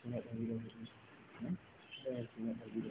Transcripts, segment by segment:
suna ɗari da hudu.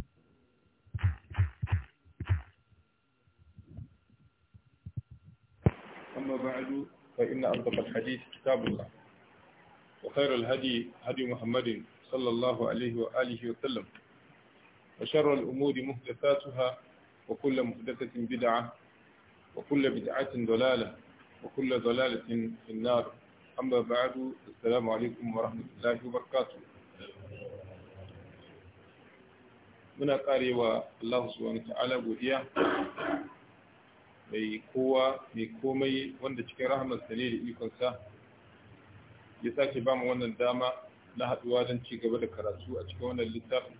أما بعد فإن أصدق الحديث كتاب الله وخير الهدي هدي محمد صلى الله عليه وآله وسلم وشر الأمور محدثاتها وكل محدثة بدعة وكل بدعة ضلالة وكل ضلالة في النار أما بعد السلام عليكم ورحمة الله وبركاته muna karewa Allah subhanahu wa ta'ala godiya mai kowa mai komai wanda cikin rahamarsa ne da ikonsa ya sake ba mu wannan dama na haɗuwa don ci gaba da karatu a cikin wannan littafin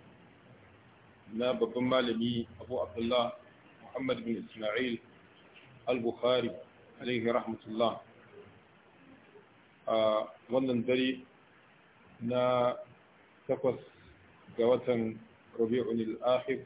na babban malami abu abdullah muhammad bin ismail al-bukhari alaihi rahmatullah a wannan dare na takwas ga watan rabi'un al-akhir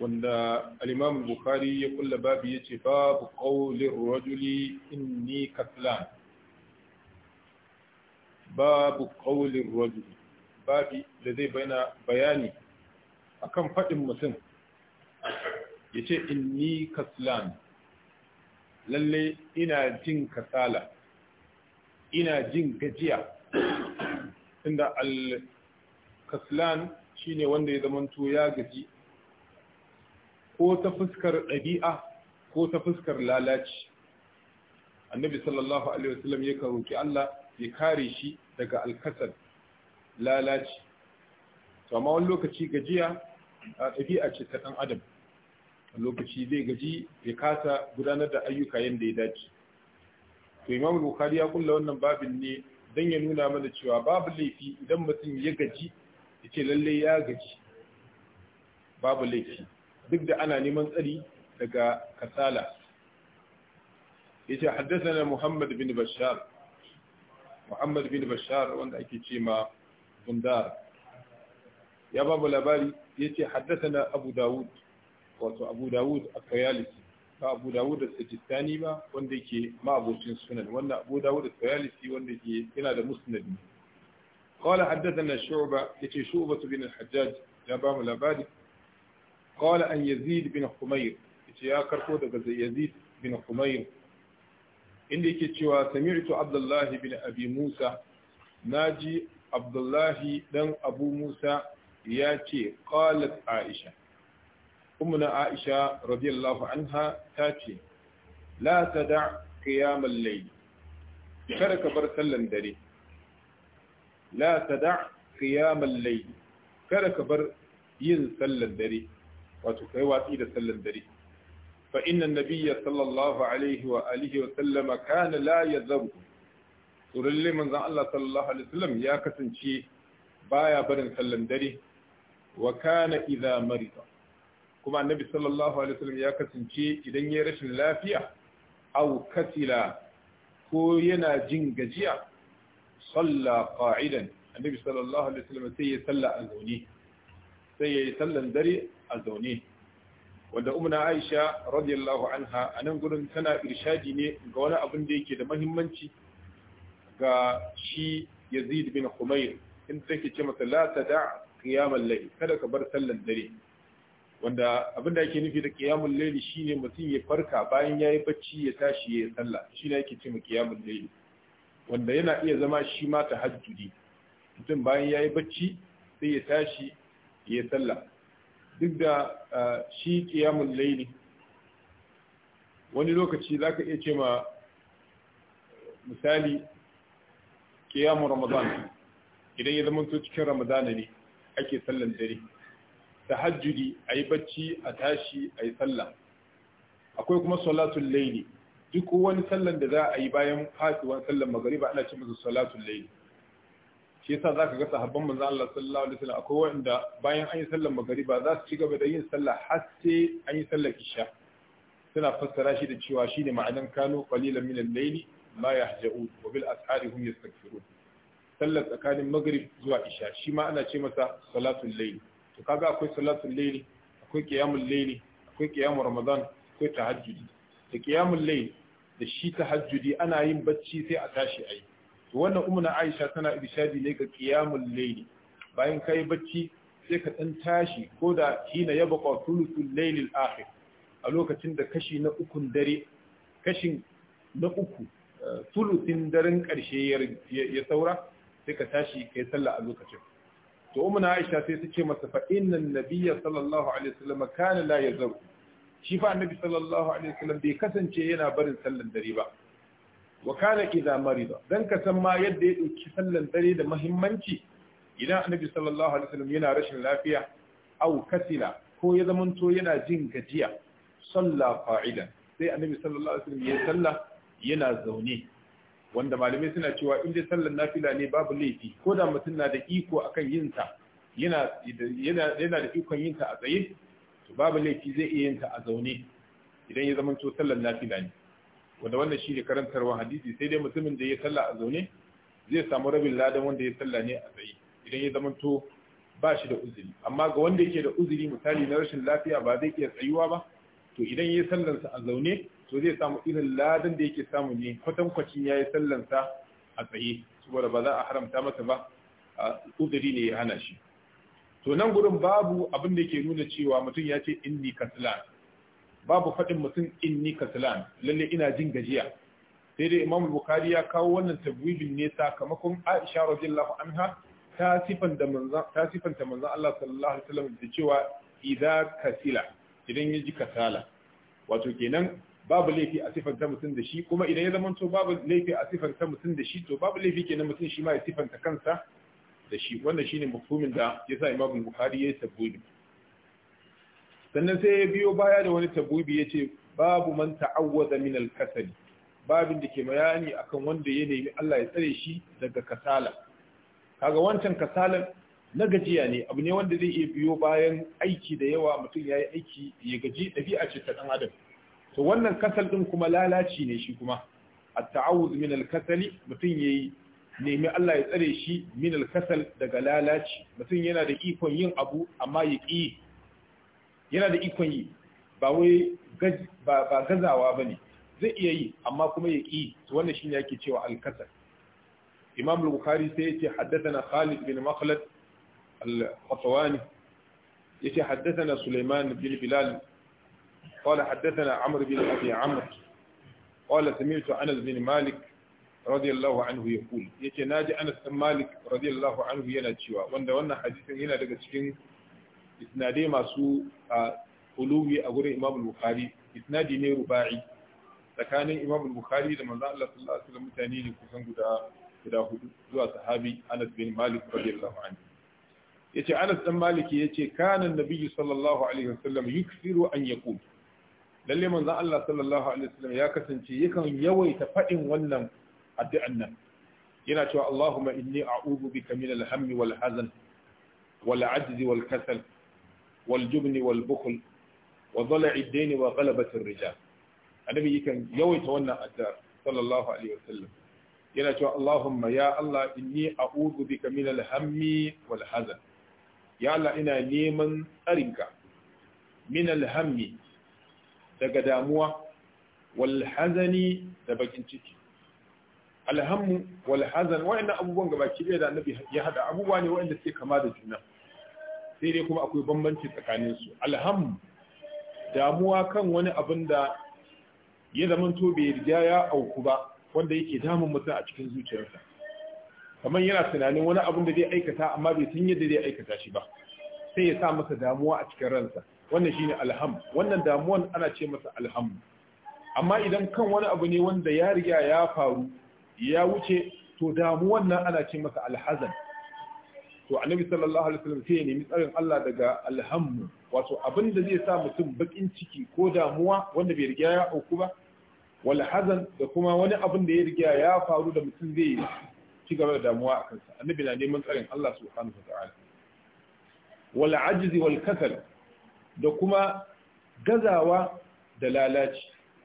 wanda al’imam Bukhari ya kulla babu ya ce, babu qawlir rajuli ni katlan babu qawlir rajuli babi da zai bayyana bayani akan fadin mutum ya ce in ni katlan lalle ina jin kasala ina jin gajiya inda al-kaslan shine wanda ya zamanto ya gaji ko ta fuskar ɗabi'a ko ta fuskar lalaci annabi sallallahu alaihi wasallam ya roki Allah ya kare shi daga alkasar lalaci to amma wani lokaci gajiya a ɗabi'a ce ta ɗan adam lokaci zai gaji ya kasa gudanar da ayyuka yadda ya dace to imam bukhari ya kulla wannan babin ne dan ya nuna mana cewa babu laifi idan mutum ya gaji ya ce lallai ya gaji babu laifi duk da ana neman tsari daga kasala yace haddathana Muhammad bin Bashar Muhammad bin Bashar wanda ake ce ma Bundar ya babu labari yace haddathana Abu Dawud wato Abu Dawud Akayalisi ba Abu Dawud Sajistani ba wanda yake ma abocin sunan wannan Abu Dawud Akayalisi wanda ke yana da musnad قال حدثنا شعبة يتي شعبة بن الحجاج جابام الأبادي قال أن يزيد بن حمير يا كركو دغ يزيد بن حمير inda yake cewa sami'tu abdullahi bin abi musa naji abdullahi ɗan abu musa ya ce qalat aisha ummuna aisha radiyallahu anha ta ce la tada qiyam al-layl kada ka bar sallan dare la tada qiyam al-layl kada ka bar yin sallan dare wato kai watsi da sallan dare fa inna nabiyya sallallahu alaihi wa alihi wa sallama kana la yazabu suralle manzon Allah sallallahu alaihi wasallam ya kasance baya barin sallan dare wa kana idza marida kuma annabi sallallahu alaihi wasallam ya kasance idan ya rashin lafiya aw katila ko yana jin gajiya salla qa'idan annabi sallallahu alaihi wasallam sai ya salla a zaune sai ya yi sallan dare a zaune wanda umna aisha radiyallahu anha a nan gurin tana irshadi ne ga wani abin da yake da mahimmanci ga shi yazid bin humair in take ce masa la tada qiyamul layl kada ka bar sallar dare wanda abin da ake nufi da qiyamul layl shine mutum ya farka bayan yayi bacci ya tashi ya sallah ne yake ce mu qiyamul layl wanda yana iya zama shi ma tahajjudi mutum bayan yayi bacci sai ya tashi ya salla. duk da eh, shi kiyamun laili wani lokaci za ka iya ce ma misali kiyamun ramadan idan ya zama cikin ramadana ne ake sallan dare tahajjudi a yi bacci a tashi a yi sallah akwai kuma salatun laili duk wani sallan da za a yi bayan fasuwan sallan magariba ana ce masa salatun laili shi yasa zaka ga sahabban manzo Allah sallallahu alaihi wasallam akwai wanda bayan an yi sallar magariba za su ci gaba da yin sallah har sai an yi sallar isha suna fassara shi da cewa shine ma'anan kanu qalilan min al-layli ma yahja'un wa bil ashari hum yastaghfirun sallar tsakanin maghrib zuwa isha shi ma ana ce masa salatul layl to kaga akwai salatul layl akwai qiyamul layl akwai qiyamul ramadan akwai tahajjudi da qiyamul layl da shi tahajjudi ana yin bacci sai a tashi ayi to wannan ummu Aisha tana irshadi ne ga qiyamul layli bayan kai bacci sai ka dan tashi ko da hina yabqa thuluthul layl al-akhir a lokacin da kashi na ukun dare kashin na uku thuluthin eh, daren karshe ya saura sai ka tashi kai sallah a lokacin to ummu Aisha sai ta ce masa fa innan nabiyya sallallahu alaihi wasallam kana la yazaru shi fa annabi sallallahu alaihi wasallam bai kasance yana barin sallan dare ba wa kana idza marida dan ka san ma yadda ya dauki sallan dare da muhimmanci idan annabi sallallahu alaihi wasallam yana rashin lafiya aw kasila ko ya zamanto yana jin gajiya salla qa'idan sai annabi sallallahu alaihi wasallam ya salla yana zaune wanda malamai suna cewa in dai sallan nafila ne babu laifi ko da mutum na da iko akan yin ta yana yana yana da ikon yin ta a tsaye to babu laifi zai iya yin ta a zaune idan ya zamanto sallan nafila ne wanda wannan shi ne wa hadisi sai dai mutumin da ya sallah a zaune zai samu rabin ladan wanda ya sallah ne a tsaye idan ya zamanto ba shi da uzuri amma ga wanda yake da uzuri misali na rashin lafiya ba zai iya tsayuwa ba to idan ya sallansa a zaune to zai samu irin ladan da yake samu ne kwatankwacin ya yi sallansa a tsaye saboda ba za a haramta masa ba a uzuri ne ya hana shi to nan gurin babu abin da ke nuna cewa mutum ya ce inni kaslan babu faɗin mutum inni kaslan lalle ina jin gajiya sai dai imam bukhari ya kawo wannan tabwibin ne sakamakon aisha radiyallahu anha ta sifanta manzon ta sifanta manzon Allah sallallahu alaihi wasallam da cewa idza kasila idan ya ji kasala wato kenan babu laifi a sifanta mutum da shi kuma idan ya zamanto babu laifi a sifanta mutum da shi to babu laifi kenan mutum shi ma ya sifanta kansa da shi wannan shine mafhumin da yasa imam bukhari ya yi tabwibin sannan sai ya biyo baya da wani tabubi ya ce babu man ta'awwaza min al-kasali babin da ke bayani akan wanda ya nemi Allah ya tsare shi daga kasala kaga wancan kasalan na gajiya ne abu ne wanda zai iya biyo bayan aiki da yawa mutum yayi aiki ya gaji ɗabi'a ce ta ɗan adam to wannan kasal ɗin kuma lalaci ne shi kuma a ta'awuz min alkasali mutum yayi nemi Allah ya tsare shi min kasal daga lalaci mutum yana da ikon yin abu amma ya yana da ikon yi ba wai ba gazawa ba ne zai iya yi amma kuma ya ƙi to wannan ne ake cewa alkasar imam al-bukhari sai yace haddathana khalid bin makhlad al-qatwani ya yace haddathana sulaiman bin bilal قال حدثنا عمرو بن ابي عمرو قال anas bin malik radiyallahu anhu ya عنه ya ce na انس anas bin malik radiyallahu anhu yana cewa wanda wannan hadisin yana daga cikin isnadai masu a uluwi a gurin imam bukhari isnadi ne rubai tsakanin imam bukhari da manzo Allah sallallahu alaihi wasallam mutane ne kusan guda guda hudu zuwa sahabi Anas bin Malik radiyallahu anhu yace Anas dan Malik yace kana annabi sallallahu alaihi wasallam yukthiru an yaqul lalle manzo Allah sallallahu alaihi wasallam ya kasance yakan yawaita fadin wannan addu'an nan yana cewa Allahumma inni a'udhu bika min al-hammi wal hazan wal ajzi wal kasal waljubni walbukul wa zala iddaini wa galabatin rijal annabi yakan yawaita wannan addu'a sallallahu alaihi wasallam yana cewa Allahumma ya Allah inni a'udhu bika min al wal hazan ya ina neman tsarinka min al daga damuwa wal hazani da bakin ciki alhammu wal hazan wa'annan abubuwan gabaki da annabi hada abubuwa ne wa'anda suke kama da juna sai dai kuma akwai bambanci tsakanin su alham damuwa kan wani abin da ya zamanto bai riga ya auku ba wanda yake damun mutum a cikin zuciyarsa kamar yana tunanin wani abin da zai aikata amma bai san yadda zai aikata shi ba sai ya sa masa damuwa a cikin ransa wannan shine alham wannan damuwan ana ce masa alham amma idan kan wani abu ne wanda ya riga ya faru ya wuce to damuwan nan ana ce masa alhazan to annabi sallallahu alaihi wasallam sai ya nemi tsarin Allah daga alhammu wato abin da zai sa mutum bakin ciki ko damuwa wanda bai riga ya auku ba wal hazan da kuma wani abin da ya riga ya faru da mutum zai ci gaba da damuwa a kansa annabi na neman tsarin Allah subhanahu wataala wal ajzi wal kasal da kuma gazawa da lalaci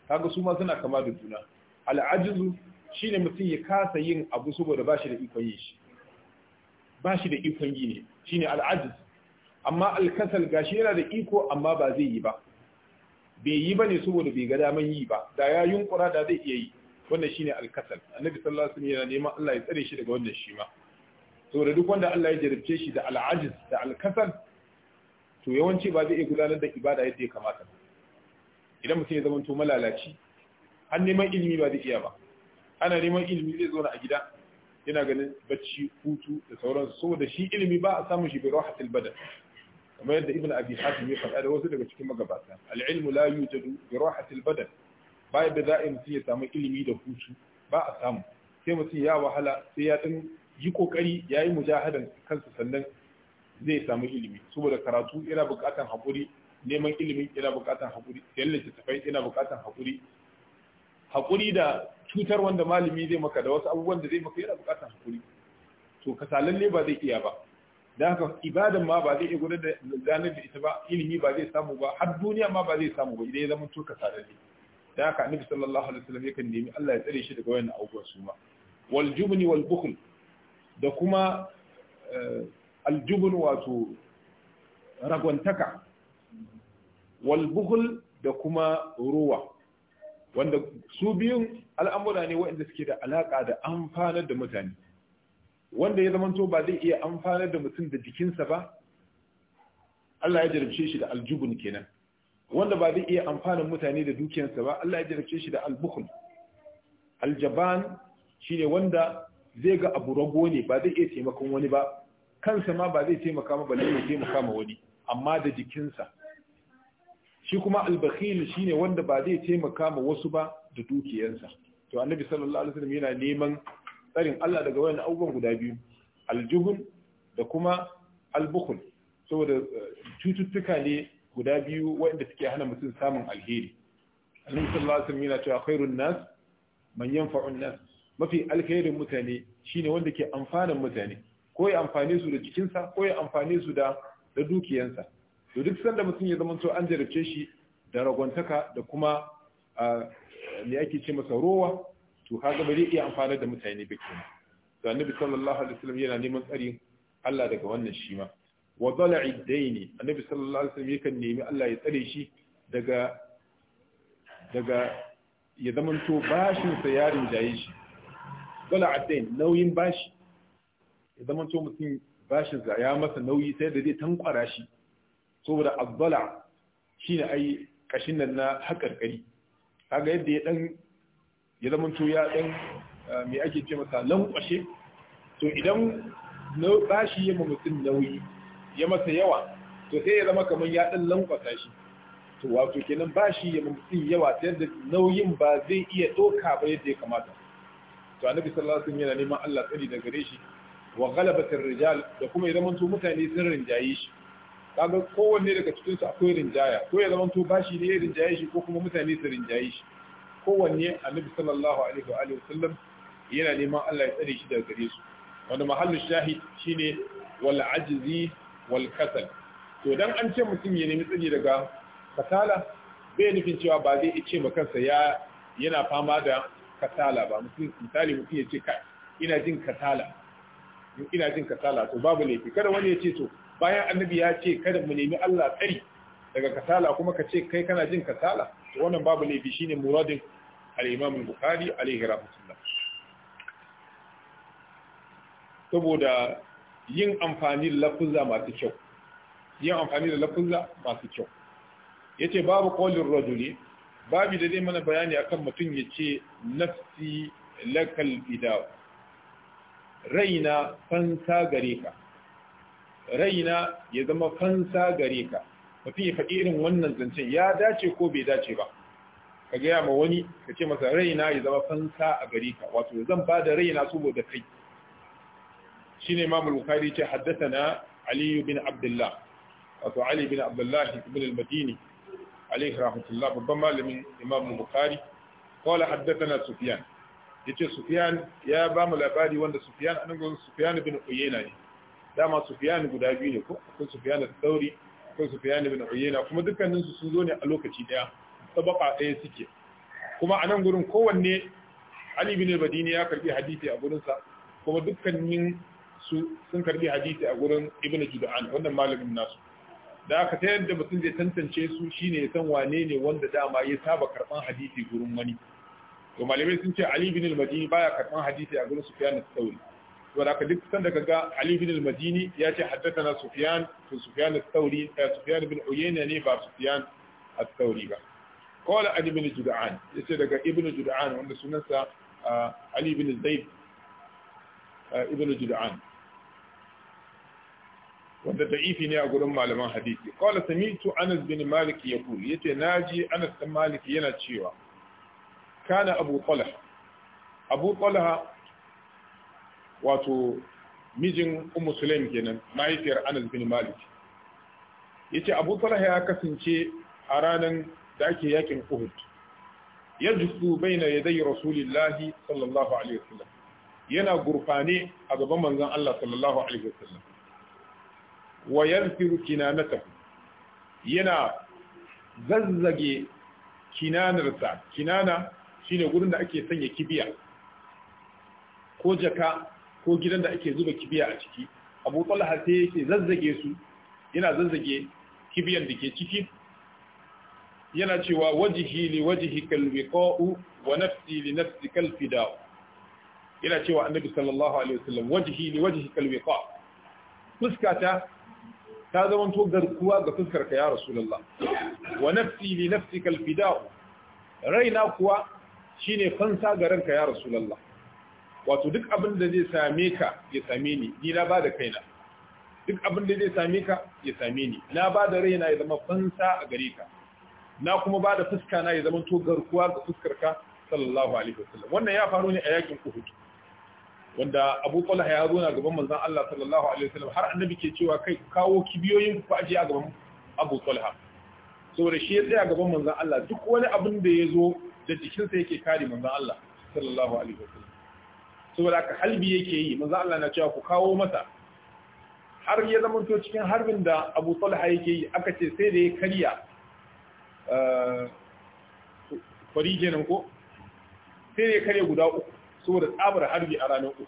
kaga su ma suna kama da juna al ajzu shine mutum ya kasa yin abu saboda ba shi da ikon yin shi ba shi da ikon yi ne ne al'ajiz amma alkasal gashi yana da iko amma ba zai yi ba bai yi ba ne saboda bai ga daman yi ba da ya yunkura da zai iya yi wannan shi ne alkasal annabi sallallahu alaihi wasallam yana neman Allah ya tsare shi daga wannan shi ma saboda duk wanda Allah ya jarabce shi da al'ajiz da alkasal to yawanci ba zai iya gudanar da ibada yadda ya kamata idan mutum ya zama to malalaci an neman ilimi ba zai iya ba ana neman ilimi zai zo a gida yana ganin bacci hutu da sauransu saboda shi ilimi ba a samu shi bi rahatil badan kamar yadda ibn abi hatim ya faɗa da wasu daga cikin magabata al-ilmu la yujadu bi rahatil badan ba da za a ya samu ilimi da hutu ba a samu sai mutum ya wahala sai ya din yi kokari ya yi mujahadan kansa sannan zai samu ilimi saboda karatu yana buƙatan haƙuri neman ilimi yana buƙatan haƙuri ki tafai yana buƙatan haƙuri haƙuri da cutar wanda malami zai maka da wasu abubuwan da zai maka yana bukatar hakuri to kasalalle ba zai iya ba da haka ibadan ma ba zai iya gudanar da zanen da ita ba ilimi ba zai samu ba har duniya ma ba zai samu ba idan ya zama to kasalalle da haka annabi sallallahu alaihi wasallam yakan nemi Allah ya tsare shi daga wayannan abubuwa su ma wal jubni wal bukhl da kuma eh, al jubn wato ragwantaka wal bukhl da kuma ruwa wanda su biyun al'amura ne waɗanda suke da alaƙa da amfanar da mutane wanda ya zamanto ba zai iya amfanar da mutum da jikinsa ba Allah ya jarabce shi da aljubun kenan wanda ba zai iya amfanar mutane da dukiyarsa ba Allah ya jarabce shi da albukhul aljaban shine wanda zai ga abu rago ne ba zai iya taimakon wani ba kansa ma ba zai taimaka ma balle ya taimaka ma wani amma da jikinsa shi kuma albakhil shine wanda ba zai taimaka ma wasu ba da dukiyarsa to annabi sallallahu alaihi wasallam yana neman tsarin Allah daga wayan abubuwan guda biyu aljuhun da kuma albukhul saboda eh, cututtuka ne guda biyu waɗanda suke hana mutum samun alheri annabi sallallahu alaihi wasallam yana cewa khairun nas man yanfa'un nas mafi alkhairin mutane shine wanda ke amfanan mutane ko ya amfane su da jikinsa ko ya amfane su da da dukiyansa to duk sanda mutum ya zama to an jarabce shi da ragwantaka da kuma ah, me yake ce masa rowa to haka ba zai iya amfana da mutane ba kenan to annabi sallallahu alaihi wasallam yana neman tsari Allah daga wannan shi ma wa dala'i daini annabi sallallahu alaihi wasallam yakan nemi Allah ya tsare shi daga daga ya zamanto bashin sa yarin jaye shi dala'a dain nauyin bashi ya zamanto mutum bashin sa ya masa nauyi sai da zai tankwara shi saboda abdala shine ai kashin nan na hakarkari kaga yadda ya dan ya zama to ya dan ah, me ake ce masa lankwashe to idan bashi ya mutum nauyi ya masa yawa to sai ya zama kamar ya dan lankwasa shi to wato kenan bashi ya mutum yawa ta yadda nauyin ba zai iya doka ba yadda ya kamata to annabi sallallahu alaihi wasallam yana neman Allah tsari da gare shi wa ghalabatir rijal da kuma ya mutum mutane sun rinjaye shi kaga kowanne daga cikin su akwai rinjaya ko ya zama to bashi ne ya rinjaye shi ko kuma mutane su rinjaye shi kowanne annabi sallallahu alaihi wa alihi wasallam yana neman Allah ya tsare shi daga gare su wanda mahallu shahid shine wal ajzi wal kasal to dan an ce mutum ya nemi tsare daga kasala bai nufin cewa ba zai ce ma kansa ya yana fama da kasala ba mutum misali mutum ya ce kai ina jin kasala ina jin kasala to babu laifi kada wani ya ce to bayan annabi ya ce kada mu nemi Allah tsari daga kasala kuma ka ce kai kana jin kasala wannan babu laifi shine muradin al-Imam al-Bukhari alaihi rahmatullah saboda yin amfani da lafuzza masu kyau yin amfani da lafuzza masu kyau yace babu qawlir rajuli babu da zai mana bayani akan mutum yace nafsi lakal fidaw raina fansa gare ka raina ya zama fansa gare ka mutum ya faɗi irin wannan zancen ya dace ko bai dace ba ka gaya ma wani ka ce masa raina ya zama fansa a gare ka wato zan ba da raina saboda kai shine imam al-bukhari ce na aliyu bin abdullah wato ali bin abdullah ibn al-madini alayhi rahmatullah babban malamin imam al-bukhari qala haddathana sufyan yace sufyan ya ba mu labari wanda sufyan an gon sufyan bin uyayna ne dama sufiyan guda biyu ne ko akwai sufiyan da tsauri akwai sufiyan ibn uyayna kuma dukkaninsu sun zo ne a lokaci daya tabaka daya suke kuma a nan gurin kowanne ali ibn badini ya karbi hadisi a gurinsa kuma dukkanin su sun karbi hadisi a gurin ibn jud'an wannan malamin nasu da aka ta yadda mutum zai tantance su shine ya san wane ne wanda dama ya saba karban hadisi gurin wani to malamai sun ce ali ibn al-madini baya karban hadisi a gurin sufyan al-thawri ولكن كدك سندك علي بن المديني ياتي حدثنا سفيان في سفيان الثوري سفيان بن عيينة نيفا سفيان الثوري قال علي بن جدعان يسير ابن جدعان وأن سننسى علي بن زيد ابن جدعان وعند da'ifi ne a gurin malaman hadisi qala sami'tu Anas bin Malik yaqul yace naji Anas bin Malik yana cewa كان أبو طلح أبو Talha wato mijin ummu kenan mahaifiyar anas bin malik ce abu talha ya kasance a ranar da ake yakin uhud ya jusu baina yadai rasulillahi sallallahu alaihi wasallam yana gurfane a gaban manzan Allah sallallahu alaihi wasallam wa yanfiru kinanata yana zazzage kinanarsa kinana shine gurin da ake sanya kibiya ko jaka ko gidan da ake zuba kibiya a ciki abu talha sai yake zazzage su yana zazzage kibiyan da ke ciki yana cewa wajihi li wajhikal wiqa'u wa nafsi li nafsikal fida'u yana cewa annabi sallallahu alaihi wasallam wajhi li wajhikal wiqa' fuskata ta zama to garkuwa ga fuskar ka ya rasulullah wa nafsi li nafsikal fida'u raina kuwa shine fansa ga ranka ya rasulullah wato duk abin da zai same ka ya same ni ni na ba da kaina duk abin da zai same ka ya same ni na ba da raina ya zama fansa a gare ka na kuma ba da fuska na ya zama to garkuwa ga fuskar ka sallallahu alaihi wasallam wannan ya faru ne a yakin Uhud wanda Abu Talha ya zo na gaban manzon Allah sallallahu alaihi wasallam har annabi ke cewa kai kawo kibiyoyin ku aje a gaban Abu Talha saboda shi ya tsaya gaban manzon Allah duk wani abin da ya zo da jikinsa yake kare manzon Allah sallallahu alaihi wasallam saboda haka halbi yake yi manzo Allah na cewa ku kawo masa har ya zama to cikin harbin da Abu Talha yake yi aka ce sai da ya karya eh, kwari kenan ko sai da ya karya guda uku saboda tsabar harbi a ranar uku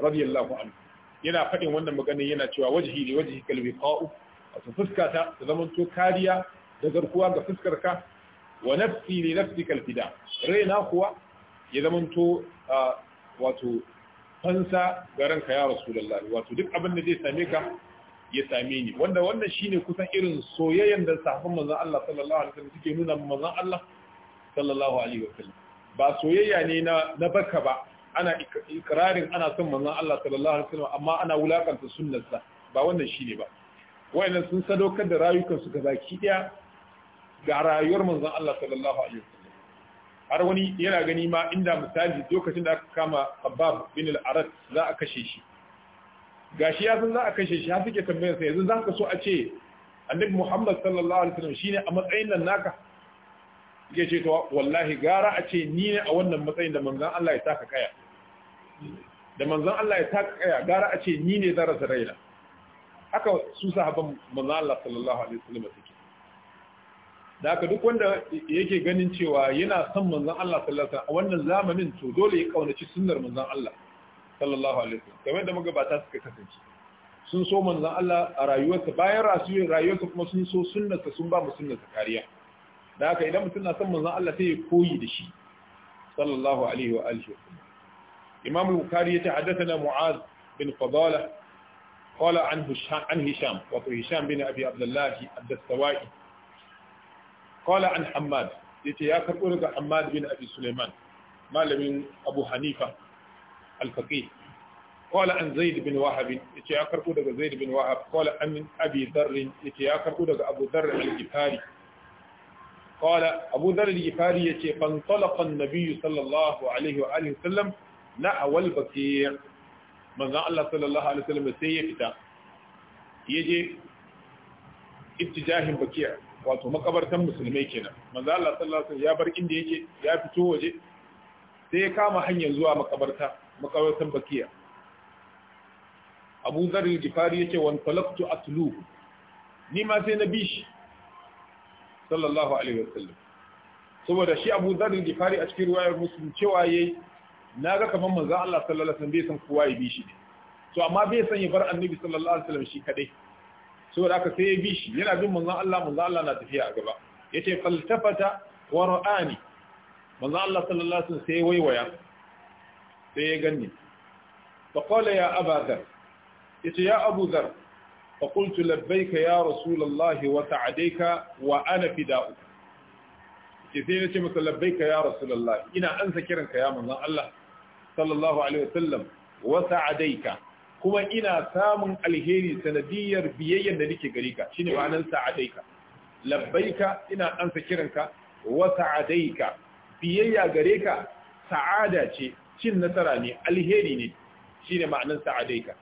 radiyallahu anhu yana faɗin wannan magana yana cewa wajhi ne, wajhi kalbi qa'u wato fuska ta ta zama to kariya da garkuwa ga fuskar ka wa nafsi li nafsi kalfida raina kuwa ya zama to ah, wato fansa ga ranka ya rasulullah wato duk abin da zai same ka ya same ni wanda wannan shine kusan irin soyayyen da sahabban manzon Allah sallallahu alaihi wasallam suke nuna manzon Allah sallallahu alaihi wasallam ba soyayya ne na na baka ba ana ikrarin ana son manzon Allah sallallahu alaihi wasallam amma ana wulakanta sunnarsa ba wannan shine ba wayannan sun sadaukar da rayukansu ga baki daya ga rayuwar manzon Allah sallallahu alaihi wasallam har wani yana gani ma inda misali lokacin da aka kama Abbab bin al-Arat za a kashe shi gashi ya san za a kashe shi har suke tambayar sa yanzu za ka so a ce annabi Muhammad sallallahu alaihi wasallam shine a matsayin nan naka yake ce to wallahi gara a ce ni ne a wannan matsayin da manzon Allah ya taka kaya da manzon Allah ya taka kaya gara a ce ni ne zan rasa raina haka su sahabban manzon Allah sallallahu alaihi wasallam da haka duk wanda yake ganin cewa yana son manzan Allah sallallahu alaihi a wannan zamanin to dole ya kaunaci sunnar manzan Allah sallallahu alaihi wasallam kamar da magabata suka kasance sun so manzan Allah a rayuwarsa bayan rasuwar rayuwarsa kuma sun so sunnarsa sun ba mu sunnarsa kariya da haka idan mutum na son manzan Allah sai ya koyi da shi sallallahu alaihi wa alihi imam al-bukhari ya tahaddathana mu'az bin fadala قال عن هشام عن هشام وهشام بن ابي عبد الله الدستوائي qala an hammad yace ya karbo daga hammad bin abi sulaiman malamin abu hanifa al-faqih qala an zaid bin wahab yace ya karbo daga zaid bin wahab qala an abi dharr yace ya karbo daga abu dharr al-ghifari qala abu dharr al-ghifari yace fantalaqa an-nabiy sallallahu alaihi wa alihi wasallam nahwa al sai ya fita wato makabartan musulmai kenan manzo Allah sallallahu alaihi wasallam ya bar inda yake ya fito waje sai ya kama hanyar zuwa makabarta makabartan bakiya Abu Dharr al jifari yace wan talaqtu atlu ni ma sai nabi shi sallallahu alaihi wasallam saboda shi Abu Dharr al jifari a cikin riwayar Muslim cewa yayi naga kaman manzo Allah sallallahu alaihi wasallam bai san kowa ya bi shi ne to amma bai san ya bar annabi sallallahu alaihi wasallam shi kadai saboda aka sai ya bi shi yana bin manzon Allah manzon Allah na tafiya a gaba Ya yace faltafata wa ra'ani manzon Allah sallallahu alaihi wasallam sai waiwaya sai ya ganni fa qala ya abadar yace ya abu dhar fa qultu labbaika ya rasulullah wa sa'adaika wa ana fida'u yace sai nace masa labbaika ya rasulullah ina ansa kiranka ya manzon Allah sallallahu alaihi wasallam wa sa'adaika kuma ina samun alheri sanadiyar biyayyar da nake gari ka shine ma'anar sa'adaika labbaika ina ansa kiranka wa sa'adaika biyayya gare ka sa'ada ce cin nasara ne alheri ne shine ma'anar sa'adaika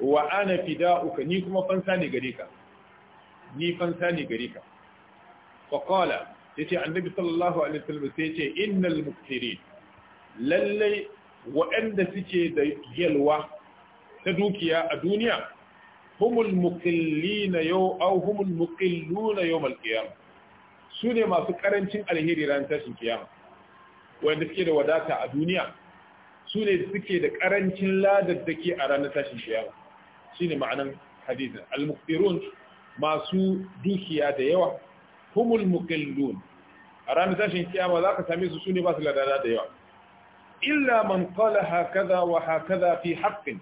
wa ana fida'uka ni kuma fansa ne gare ka ni fansa ne gare ka fa qala yace annabi sallallahu alaihi wasallam sai yace innal muktirin lalle waɗanda suke da yalwa ta dukiya a duniya humul muqillina yau aw humul muqilluna yawmal qiyamah su ne masu karancin alheri ran tashin kiyama wanda suke da wadata a duniya su ne suke da karancin ladar a ranar tashin kiyama shine ma'anan hadisin al-muqtirun masu dukiya da yawa humul muqillun a ranar tashin kiyama za ka same su su ne ba su ladada da yawa illa man qala hakaza wa hakaza fi haqqin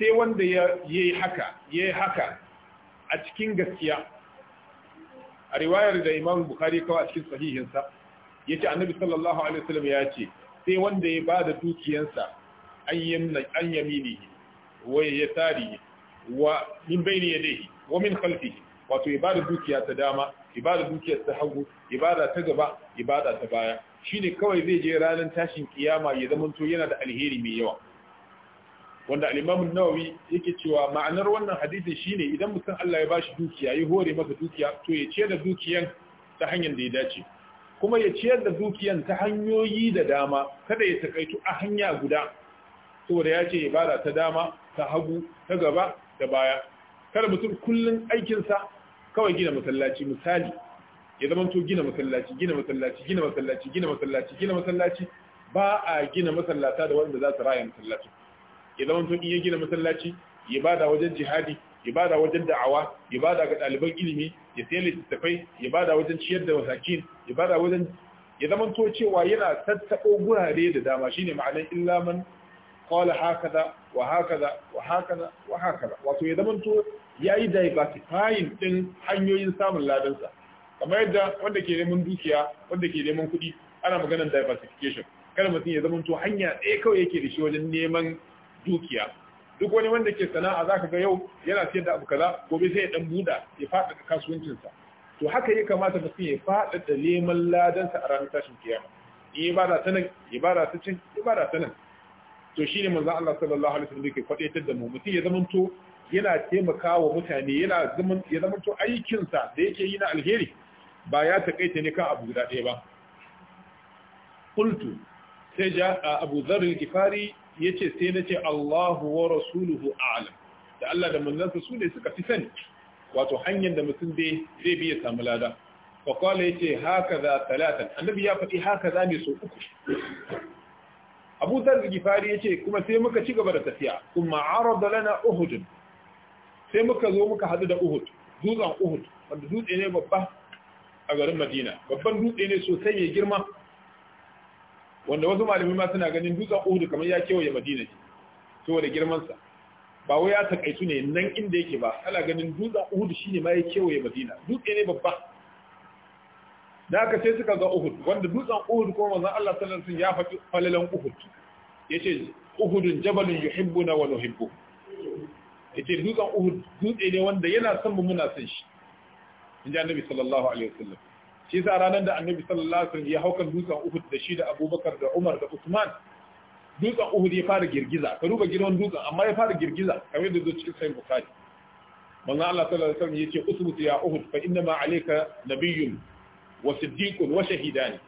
sai wanda ya yi haka ya yi haka a cikin gaskiya a riwayar da imam bukhari kawai a cikin sahihinsa ya ce annabi sallallahu alaihi wasallam ya ce sai wanda ya ba da dukiyansa an yaminihi wa ya tari wa min bayni yadayhi wa min khalfihi wato ibada dukiya ta dama ibada dukiya ta hagu ibada ta gaba ibada ta baya shine kawai zai je ranar tashin kiyama ya zamanto yana da alheri mai yawa wanda al nawawi yake cewa ma'anar wannan shi ne idan mutum Allah ya bashi dukiya ya hore masa dukiya to ya ciyar da dukiyan ta hanyar da ya dace kuma ya ciyar da dukiyan ta hanyoyi da dama kada ya takaitu a hanya guda saboda ya ce ibada ta dama ta hagu ta gaba da baya kada mutum kullum aikinsa kawai gina masallaci misali ya zama to gina masallaci gina masallaci gina masallaci gina masallaci gina masallaci ba a gina masallata da wanda za su raya masallacin ya zama tun iya gina masallaci ya bada wajen jihadi ya bada wajen da'awa ya bada ga ɗaliban ilimi ya sayar littattafai ya bada wajen ciyar da masakin ya bada wajen ya zama to cewa yana tattaɓo gurare da dama shine ma'anar illaman qala hakaza wa hakaza wa hakaza wa hakaza wato ya zama to yayi diversifying din hanyoyin samun ladansa kamar yadda wanda ke neman dukiya wanda ke neman kuɗi ana maganar diversification kada mutum ya zama to hanya ɗaya kawai yake da shi wajen neman dukiya duk wani wanda ke sana'a zaka ga yau yana siyar da abu kaza gobe sai ya dan buda ya fada da kasuwancinsa to haka ya kamata mutum ya fada da neman ladansa a ranar tashin kiyama ibada ta nan ibada ta cin ibada ta nan to shine manzon Allah sallallahu alaihi wasallam yake kwadaitar da mu mutum ya to yana taimakawa mutane yana zaman ya aikin aikinsa da yake yi na alheri ba ya takaita ne kan abu guda ɗaya ba qultu sai ja Abu Dharr al yace sai nace Allahu wa rasuluhu a'lam da Allah da manzansa su ne suka fi sani wato hanyar da mutum dai zai bi ya samu lada fa qala yace za talatan annabi ya faɗi hakaza ne so uku Abu Dharr Gifari yace kuma sai muka ci gaba da tafiya kuma arada lana Uhud sai muka zo muka hadu da Uhud dutsen Uhud wanda dutse ne babba a garin Madina babban dutse ne sosai mai girma wanda wasu malamai ma suna ganin dutsen Uhud kamar ya kewaye Madina ce saboda girman sa ba wai ya takaitu ne nan inda yake ba ana ganin dutsen Uhud shine ma ya kewaye Madina dutse ne babba da aka sai suka ga Uhud wanda dutsen Uhud kuma manzon Allah sallallahu alaihi wasallam ya faɗi falalan Uhud yace Uhudun jabalun yuhibbuna wa nuhibbu yace dutsen Uhud dutse ne wanda yana son mu muna son shi inji Annabi sallallahu alaihi wasallam shi sa ranar da annabi sallallahu alaihi wasallam ya haukan dutsen Uhud da shi da Abubakar da Umar da Usman dutsen Uhud ya fara girgiza ka duba gidan dutsen amma ya fara girgiza kamar da zo cikin sahih Bukhari manzo Allah sallallahu alaihi wasallam yace usbut ya Uhud fa inna ma alayka nabiyyun wa siddiqun wa shahidani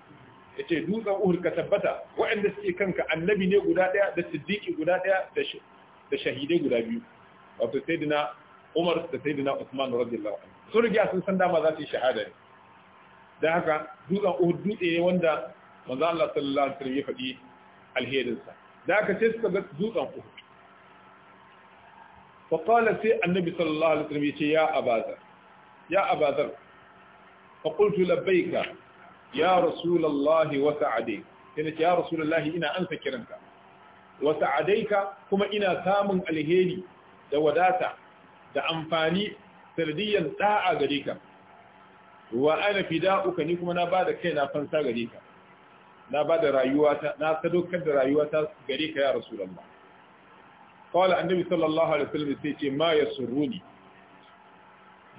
yace dutsen Uhud ka tabbata waɗanda suke kanka annabi ne guda daya da siddiqi guda daya da da shahidai guda biyu wato sayyidina Umar da sayyidina Usman radiyallahu anhu sun riga sun san dama za su yi shahada ne da haka dutsen uhud dutse wanda manzo Allah sallallahu alaihi wasallam ya faɗi alherinsa da haka sai suka ga dutsen uhud fa qala sai annabi sallallahu alaihi wasallam ya ce ya abazar ya abazar fa qultu labbaika ya rasulullahi wa sa'adai sai ya rasulullahi ina ansa kiranka wa sa'adaika kuma ina samun alheri da wadata da amfani sanadiyan da'a gare ka wa ana fida'uka ni kuma na bada kaina fansa gare ka na bada rayuwata na sadaukar da rayuwata gare ka ya rasulullah qala annabi sallallahu alaihi wasallam sai ce ma yasurruni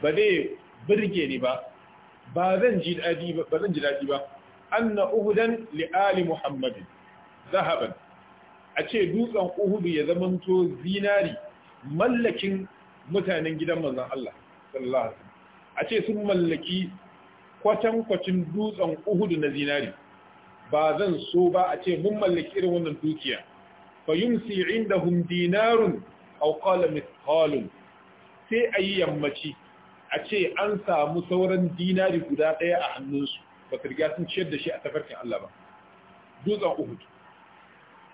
ba dai birge ni ba ba zan ji dadi ba ba zan ji dadi ba anna uhudan li ali muhammad zahaban a ce dutsen uhudu ya zamanto zinari mallakin mutanen gidan manzon Allah sallallahu alaihi wasallam a ce sun mallaki Kwatan-kwacin dutsen uhudu na zinari ba zan so ba a ce mun mallaki irin wannan dukiya fa yumsi indahum dinarun aw qala mithqalun sai ayi yammaci a ce an samu sauran dinari guda ɗaya a hannunsu ba su riga sun ciyar da shi a tafarkin Allah ba dutsen Uhudu.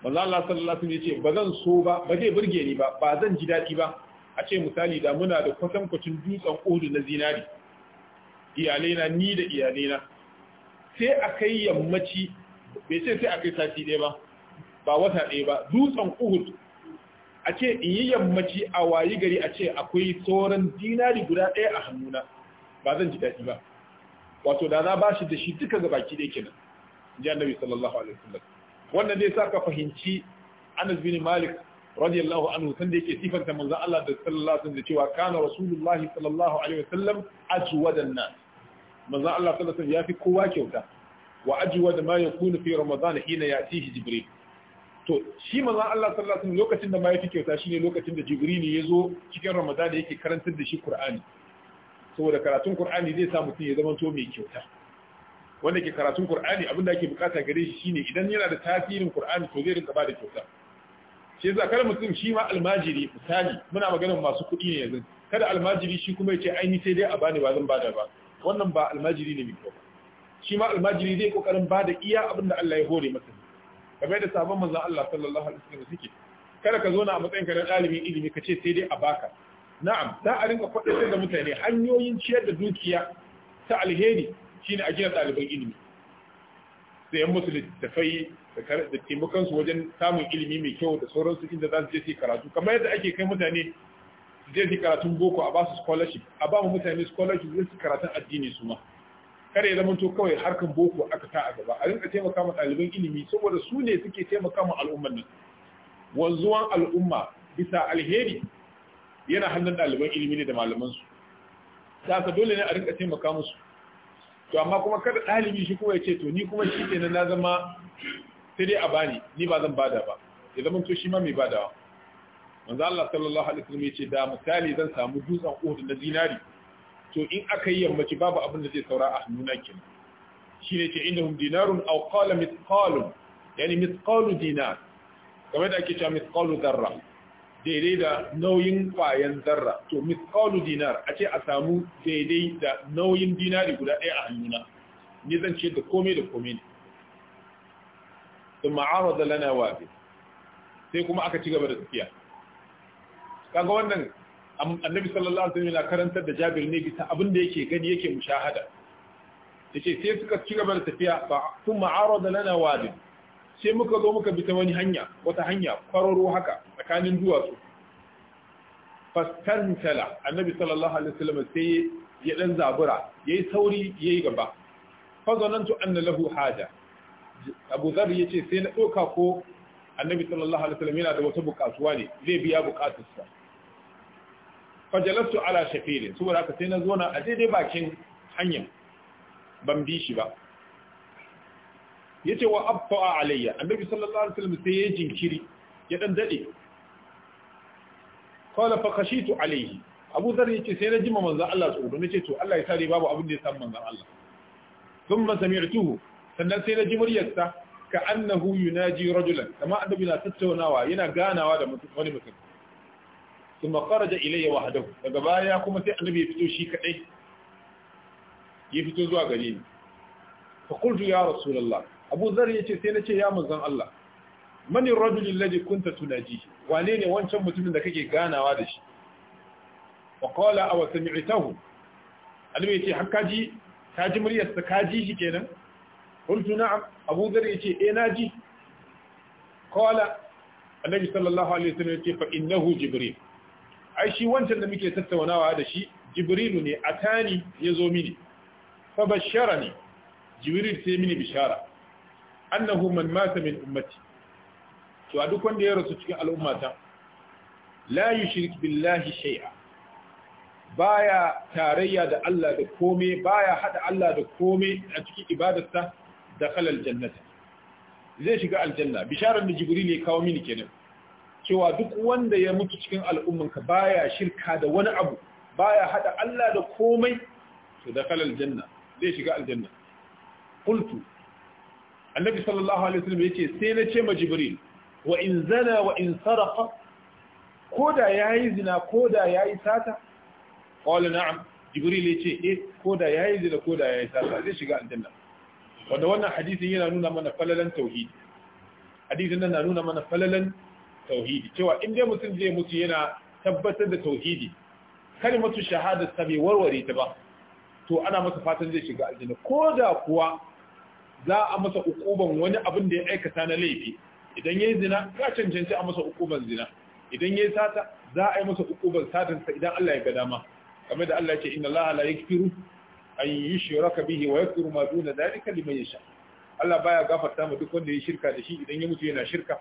manzo Allah sallallahu alaihi wasallam ba zan so ba ba zai burge ni ba ba zan ji daɗi ba a ce misali da muna da kwatankwacin dutsen Uhudu na zinari iyalaina ni da iyalaina sai a kai yammaci bai ce sai a kai sati ɗaya ba ba wata ɗaya ba dutsen uhud a ce in yi yammaci a wayi gari a ce akwai sauran dinari guda ɗaya a hannuna ba zan ji daɗi ba wato da ba shi da shi duka ga baki ɗaya kenan ji annabi sallallahu alaihi wasallam wannan zai sa ka fahimci Anas bin Malik radiyallahu anhu sanda yake sifanta manzo Allah da sallallahu alaihi wasallam cewa kana rasulullahi sallallahu alaihi wasallam ajwadan nas manzo Allah sallallahu alaihi wasallam yafi kowa kyauta wa ajwad ma yakunu fi ramadan hina yatihi jibril to shi manzo Allah sallallahu alaihi wasallam lokacin da ma yafi kyauta shine lokacin da jibril ya zo cikin ramadan yake karantar da shi qur'ani saboda karatun qur'ani zai sa mutum ya zama to mai kyauta wanda ke karatun qur'ani abinda ake bukata gare shi shine idan yana da tasirin qur'ani to zai rinka bada kyauta shi yasa kada mutum shi ma almajiri misali muna maganar masu kuɗi ne yanzu kada almajiri shi kuma ya ce ai sai dai a bani ba zan bada ba wannan ba almajiri ne mai kyau shi ma almajiri zai kokarin bada iya abin da Allah ya hore masa kamar da sabon manzon Allah sallallahu alaihi wasallam suke kada ka zo na a matsayin ka na ɗalibin ilimi ka ce sai dai a baka na'am za a rinka kwaɗatar da mutane hanyoyin ciyar da dukiya ta alheri shine a gina ɗaliban ilimi sayan musu littattafai da taimakon su wajen samun ilimi mai kyau da sauransu inda za su je su karatu kamar yadda ake kai mutane su je su karatun boko a ba su scholarship a ba mu mutane scholarship zai su karatun addini su ma kar ya zama kawai harkan boko aka ta a gaba a rinka taimaka ma ɗaliban ilimi saboda su ne suke taimaka ma nan wanzuwan al'umma bisa alheri yana hannun ɗaliban ilimi ne da malaman su ta dole ne a rinka taimaka musu to amma kuma kada ɗalibi shi kuma ya ce to ni kuma shi kenan na zama sai dai a bani ni ba zan bada ba ya zama to shi ma mai badawa manzo Allah sallallahu alaihi wasallam yace da misali zan samu dutsen Uhud na dinari to in aka yi yammaci babu abin da zai saura a hannuna kenan shine ce inda dinarun aw qala mithqalun yani mithqalu dinar kamar da ake cewa mithqalu darra daidai da nauyin kwayan zarra to mithqalu dinar a ce a samu daidai da nauyin dinari guda ɗaya a hannuna ni zan ce da komai da komai ne thumma arada lana wabi sai kuma aka ci gaba da tafiya kaga wannan annabi sallallahu alaihi wasallam yana karantar da Jabir ne bisa abin da yake gani yake mushahada yace sai suka ci gaba da tafiya fa thumma arada lana wabi sai muka zo muka bi ta wani hanya wata hanya kwararo haka tsakanin duwatsu fastantala annabi sallallahu alaihi wasallam sai ya dan zabura yayi sauri yayi gaba fa zanantu anna lahu haja abu zar ya ce sai na ɗauka ko annabi sallallahu alaihi wasallam yana da wata buƙatuwa ne zai biya buƙatarsa fajalastu ala shafiri saboda haka sai na zo na a daidai bakin hanyar ban bi shi ba yace wa abta alayya annabi sallallahu alaihi wasallam sai ya jinkiri ya dan dade qala fa khashitu alayhi abu dhar yace sai na jima manzon Allah tsoro nace to Allah ya sare babu abin da ya samu manzon Allah thumma sami'tuhu sannan sai na ji muryarsa ka annahu yunaji rajulan kama annabi na tattaunawa yana ganawa da wani mutum kuma ya ilayya wahdahu daga baya kuma sai annabi ya fito shi kadai ya fito zuwa gare ni fa qultu ya rasulullah abu zar yace sai nace ya manzon Allah man ar-rajul alladhi kunta tunaji wane ne wancan mutumin da kake ganawa da shi fa qala aw sami'tahu annabi ji, hakkaji ji muryarsa ji shi kenan qultu na'am abu dhar yace eh naji qala annabi sallallahu alaihi wasallam yace fa innahu jibril ai shi wancan da muke tattaunawa da shi jibrilu ne atani yazo mini fa basharani jibril sai mini bishara annahu man mata min ummati to a duk wanda ya rasu cikin al'ummata la yushrik billahi shay'a baya tarayya da Allah da kome baya haɗa Allah da komai a cikin ibadarsa dakhala aljannata zai shiga aljanna bisharar da jibril ya kawo mini kenan cewa duk wanda ya mutu cikin al'ummanka baya shirka da wani abu baya hada Allah da komai to dakhala janna. zai shiga aljanna qultu annabi sallallahu alaihi wasallam yace sai na ce ma jibril wa in zana wa in saraqa koda yayi zina koda yayi sata qala na'am jibril yace eh koda yayi zina koda yayi sata zai shiga aljanna wanda wannan hadisin yana nuna mana falalan tauhidi hadisin nan na nuna mana falalan tauhidi cewa in dai mutum zai mutu yana tabbatar da tauhidi kalmatu shahada ta bai warware ta ba to ana masa fatan zai shiga aljanna ko da kuwa za a masa ukuban wani abin da ya aikata na laifi idan yayi zina ka cancanci a masa ukuban zina idan yayi sata za a yi masa ukuban satansa idan Allah ya ga dama kamar da Allah ya ce inna Allah la yaghfiru an yushraka bihi wa yaghfiru ma duna dhalika liman yasha Allah baya gafarta mu duk wanda ya shirka da shi idan ya mutu yana shirka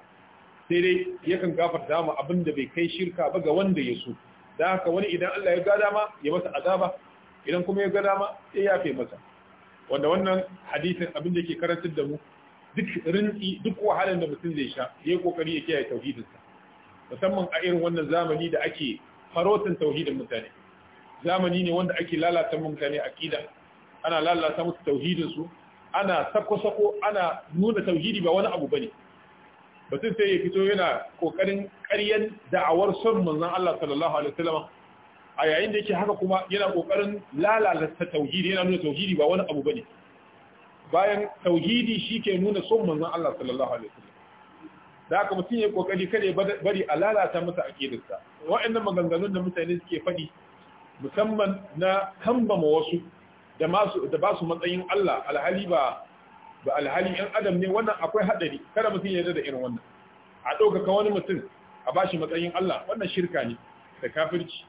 sai dai yakan gafarta mu abin da bai kai shirka ba ga wanda ya so da haka wani idan Allah ya ga dama ya masa azaba idan kuma ya ga dama ya yafe masa wanda wannan hadisin abin da ke karantar da mu duk rinki duk wahalar da mutum zai sha ya yi kokari ya kiyaye tauhidinsa musamman a irin wannan zamani da ake farotin tauhidin mutane zamani ne wanda ake lalata mutane aqida ana lalata musu tauhidinsu. ana sako-sako ana nuna tauhidi ba wani abu bane batun sai ya fito yana kokarin ƙaryan da'awar son manzon Allah sallallahu alaihi wasallam a yayin da yake haka kuma yana kokarin lalata tauhidi yana nuna tauhidi ba wani abu bane bayan tauhidi shike nuna son manzon Allah sallallahu alaihi wasallam da haka mutum ya kokari kada ya bari a lalata masa aqidarsa wa'annan maganganun da mutane suke faɗi musamman na kambama wasu da ba su matsayin Allah alhali ba ba alhali yan adam ne wannan akwai hadari kada mutum ya da irin wannan a ɗaukaka wani mutum a shi matsayin Allah wannan shirka ne da kafirci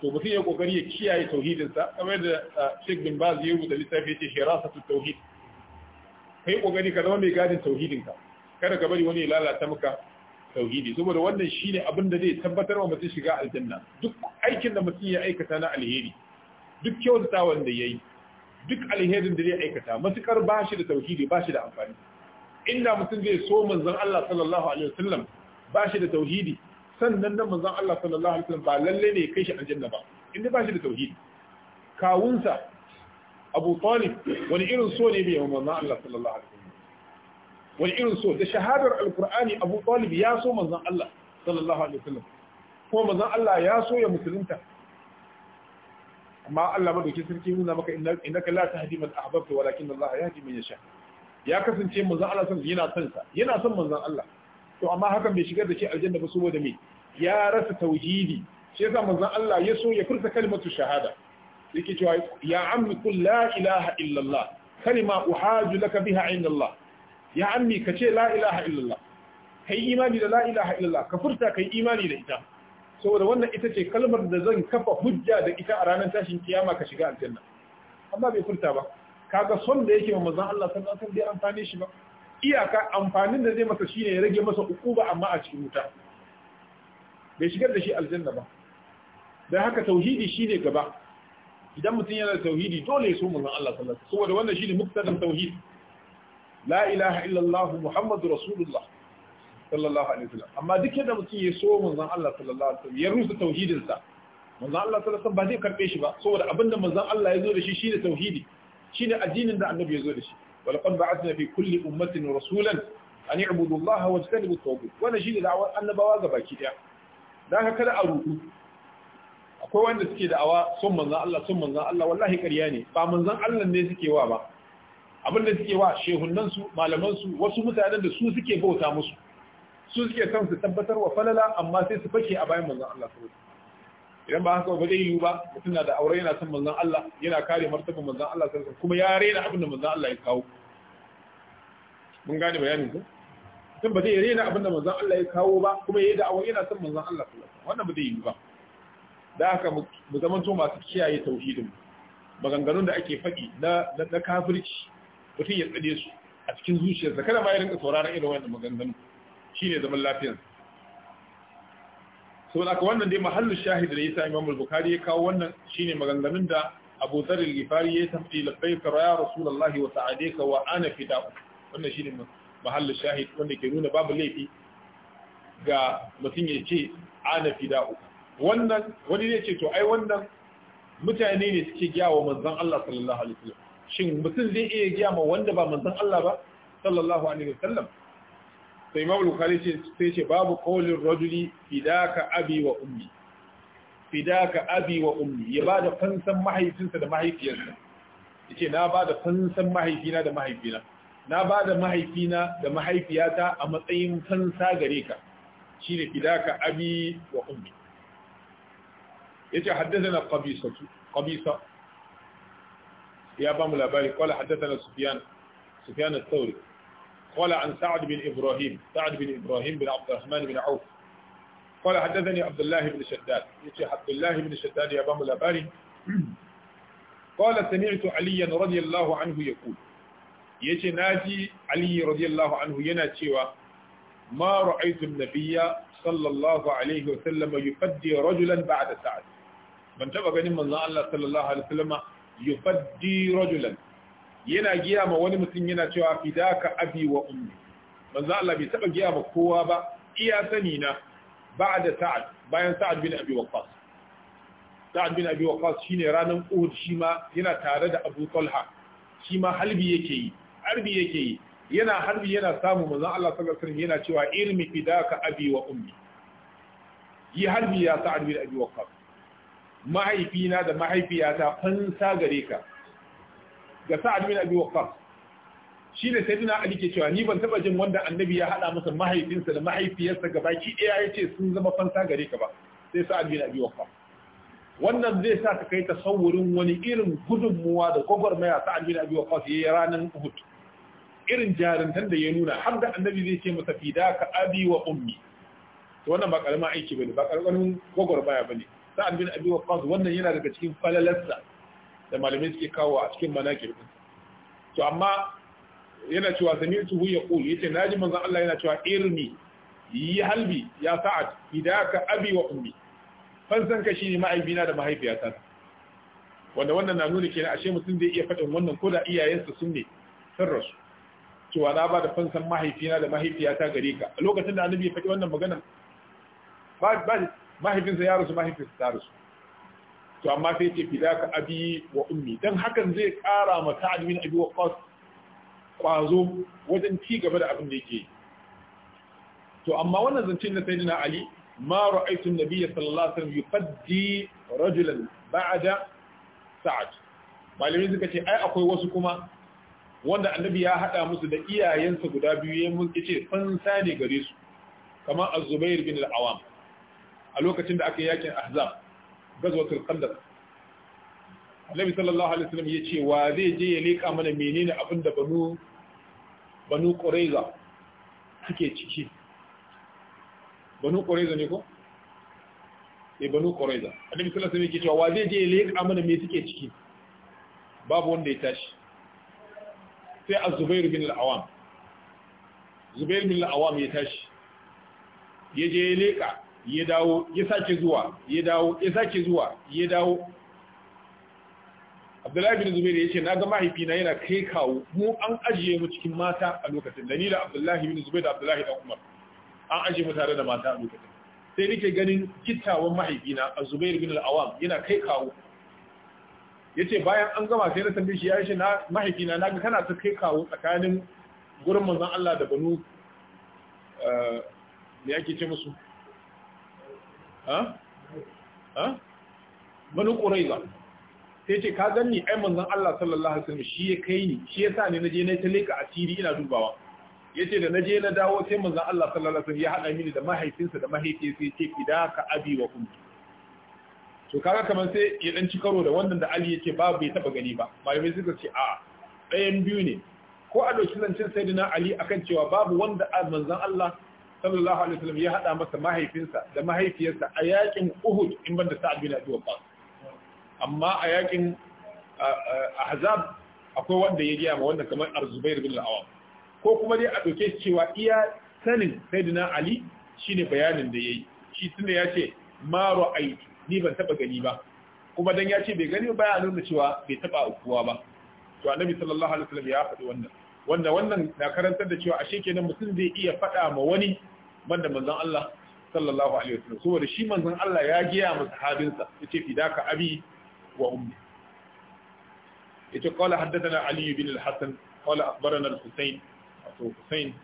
to mutum ya kokari ya kiyaye tauhidinsa kamar da Sheikh bin Baz ya rubuta littafi yace hirasatu tauhid kai ƙoƙari ka zama mai gadin tauhidinka kada ka bari wani ya lalata maka tauhidi saboda wannan shine abin da zai tabbatar wa mutum shiga aljanna duk aikin da mutum ya aikata na alheri duk kyautata wanda yayi duk alherin da zai aikata matukar bashi da tauhidi bashi da amfani inda mutum zai so manzon Allah sallallahu alaihi wasallam ba shi da tauhidi sannan nan manzon Allah sallallahu alaihi wasallam ba lalle ne kai shi aljanna ba inda ba shi da tauhidi kawunsa Abu Talib wani irin so ne bai manzon Allah sallallahu alaihi wasallam wani irin so da shahadar alkur'ani abu talib ya so manzan Allah sallallahu alaihi wasallam ko manzan Allah ya so ya musulunta amma Allah madauki sarki nuna maka innaka la tahdi man ahbabta walakin Allah yahdi man yasha ya kasance manzan Allah san yana son sa yana son manzan Allah to amma hakan bai shigar da shi aljanna ba saboda me ya rasa tauhidi shi yasa manzan Allah ya so ya furta kalmatu shahada yake cewa ya ammi qul la ilaha illa Allah kalima uhaju laka biha inda Allah ya ammi ka ce la ilaha illallah kai imani da la ilaha illallah ka furta kai imani da ita saboda wannan ita ce kalmar da zan kafa hujja da ita a ranar tashin kiyama ka shiga aljanna amma bai furta ba kaga son da yake wa manzon Allah sallallahu alaihi wasallam bai amfane shi ba iyaka amfanin da zai masa shine ya rage masa ukuba amma a cikin wuta bai shigar da shi aljanna ba dan haka tauhidi shine gaba idan mutum yana da tauhidi dole ya so manzon Allah sallallahu alaihi wasallam saboda wannan shine muktadar tauhidi la ilaha illallah muhammadu rasulullah sallallahu alaihi wasallam amma duk yadda mutum ya so manzon Allah sallallahu ya rusa tauhidin sa manzon Allah sallallahu alaihi wasallam ba zai karbe shi ba saboda abinda manzon Allah ya zo da shi shine tauhidi shine addinin da annabi ya zo da shi walaqad ba'athna fi kulli ummatin rasulan an ya'budu Allah wa yajtanibu at-taghut wannan da'awar annabawa gabaki daya dan haka kada a ruku akwai wanda suke da'awa son manzon Allah son manzon Allah wallahi ƙarya ne ba manzon Allah ne suke wa ba abin da suke wa shehunansu malamansu wasu mutanen da su suke bauta musu su suke son su tabbatar wa falala amma sai su fake a bayan manzon Allah sallallahu alaihi idan ba haka ba zai yiwu ba mutum na da aure yana son manzon Allah yana kare martaban manzon Allah sallallahu alaihi kuma ya rena abin da manzon Allah ya kawo mun gane bayanin ku mutum ba zai rena abin da manzon Allah ya kawo ba kuma yayi da'awa yana son manzon Allah sallallahu alaihi wannan ba zai yiwu ba da haka mu zamanto masu kiyaye tauhidin maganganun da ake faɗi na na kafirci mutum ya tsade su a cikin zuciyarsa kada ma ya rinka sauraron irin wannan maganganu shine zaman lafiyarsa so da wannan dai mahallu shahid da yasa Imam al-Bukhari ya kawo wannan shine maganganun da Abu Dharr al-Ghifari ya tafi labbaika ya Rasulullah wa sa'adika wa ana fida'u wannan shine mahallu shahid wanda ke nuna babu laifi ga mutum ya ce ana fida'u wannan wani ne ce to ai wannan mutane ne suke gyawa manzon Allah sallallahu alaihi wasallam shin mutum zai iya giya ma wanda ba manzon Allah ba sallallahu alaihi wasallam sai imam bukhari sai ce babu qawlin rajuli fidaka abi wa ummi fidaka abi wa ummi ya bada fansan mahaifinsa da mahaifiyarsa yace na bada fansan mahaifina da mahaifina na bada mahaifina da mahaifiyata a matsayin fansa gare ka shine fidaka abi wa ummi yace haddathana qabisatu qabisa يا بام بالي قال حدثنا سفيان سفيان الثوري قال عن سعد بن إبراهيم سعد بن إبراهيم بن عبد الرحمن بن عوف قال حدثني عبد الله بن شداد يتي عبد الله بن شداد يا بام بالي قال سمعت عليا رضي الله عنه يقول يتي ناجي علي رضي الله عنه يناتي ما رأيت النبي صلى الله عليه وسلم يفدي رجلا بعد سعد من تبقى من الله صلى الله عليه وسلم yufaddi rajulan yana giya ma wani mutum yana cewa fidaka abi wa ummi manzo Allah bai taba giya ma kowa ba iya sani na ba'da sa'ad bayan sa'ad bin abi waqqas sa'ad bin abi waqqas shine ranan Uhud shi ma yana tare da Abu Talha shi ma halbi yake yi harbi yake yi yana harbi yana samu manzo Allah sallallahu alaihi wasallam yana cewa ilmi fidaka abi wa ummi yi harbi ya sa'ad bin abi waqqas mahaifina da mahaifiyata fansa gare ka ga sa'ad bin abi waqqas shi ne sayyidina ali ke cewa ni ban taba jin wanda annabi ya hada masa mahaifinsa da mahaifiyarsa gabaki daya yace sun zama fansa gare ka ba sai sa'ad bin abi waqqas wannan zai sa ka kai tasawurin wani irin gudunmuwa da gwagwarmaya sa'ad bin abi waqqas yi ranan uhud irin jarintan da ya nuna har da annabi zai ce masa fida ka abi wa ummi to wannan ba karamin aiki bane ba karamin gwagwarmaya bane sa'ad bin abi waqqas wannan yana daga cikin falalarsa da malamai suke kawo a cikin manakib to amma yana cewa Ya hu yaqul yace naji manzon Allah yana cewa irni yi halbi ya sa'ad idaka abi wa ummi fansan ka ne ma'aibina da mahaifiyata wanda wannan na nuna kenan ashe mutum zai iya faɗin wannan ko da iyayensa sun ne sun rasu cewa na ba da fansan mahaifina da mahaifiyata gare ka a lokacin da annabi ya faɗi wannan magana ba mahaifinsa ya rasu mahaifinsa ta rasu to amma sai ce ka abi wa ummi dan hakan zai kara ma ta'admin bin abi waqas kwazo wajen ci gaba da abin da yake to amma wannan zancen na sayyidina ali ma ra'aytu an-nabiyya sallallahu alaihi wasallam yufaddi rajulan ba'da sa'ad malami suka ce ai akwai wasu kuma wanda annabi ya hada musu da iyayensa guda biyu ya mun ce fansa ne gare su kamar az-zubair bin al-awam a lokacin da aka yi yakin ahzab gazwatul qandar annabi sallallahu alaihi wasallam ya ce wa zai je ya leka mana menene abin da banu banu Quraiza suke ciki banu Quraiza ne ko eh banu Quraiza annabi sallallahu alaihi wasallam ya ce wa zai je ya leka mana me suke ciki babu wanda ya tashi sai az-zubair bin al-awam zubair bin al-awam ya tashi ya je ya leka ya dawo ya sake zuwa ya dawo ya sake zuwa ya dawo abdullahi bin zubair ya ce na ga mahaifina yana kai kawo mu an ajiye mu cikin mata a lokacin da ni da abdullahi bin zubair da abdullahi dan umar an ajiye mu tare da mata a lokacin sai nake ganin kittawan mahaifina a zubair bin al-awam yana kai kawo yace bayan an gama sai na tambaye shi ya ce na mahaifina na ga kana ta kai kawo tsakanin gurin manzon Allah da banu eh, me yake ce musu ha ha banu sai ce ka ni, ai manzan Allah sallallahu alaihi wasallam shi ya kai ni shi yasa ne je na ta leka asiri ina dubawa Ya ce da na je na dawo sai manzan Allah sallallahu alaihi wasallam ya haɗa mini da mahaifinsa da ce 'Ida ka abi wa kuma?' to kaga kamar sai ya ɗan ci karo da wannan da Ali ya ce ba bai taɓa gani ba malamai suka ce a ɗayan biyu ne ko a dauki zancen sayyidina Ali akan cewa babu wanda manzan Allah sallallahu alaihi wasallam ya hada masa mahaifinsa da mahaifiyarsa a yakin Uhud in banda Sa'ad bin Abi Waqqas amma a yakin Ahzab akwai wanda ya giya ma wanda kamar Arzubair bin Al-Awwam ko kuma dai a doke cewa iya sanin Sayyidina Ali shine bayanin da yayi shi tunda ya ce ma ra'aitu ni ban taba gani ba kuma dan ya ce bai gani ba ya nuna cewa bai taba ukuwa ba to annabi sallallahu alaihi wasallam ya faɗi wannan wanda wannan na karantar da cewa ashe kenan mutum zai iya faɗa ma wani banda manzon Allah sallallahu alaihi wasallam saboda shi manzon Allah ya giya masa habinsa yace fidaka abi wa ummi yace qala haddathana ali bin al-hasan qala akhbarana al-husayn wato husayn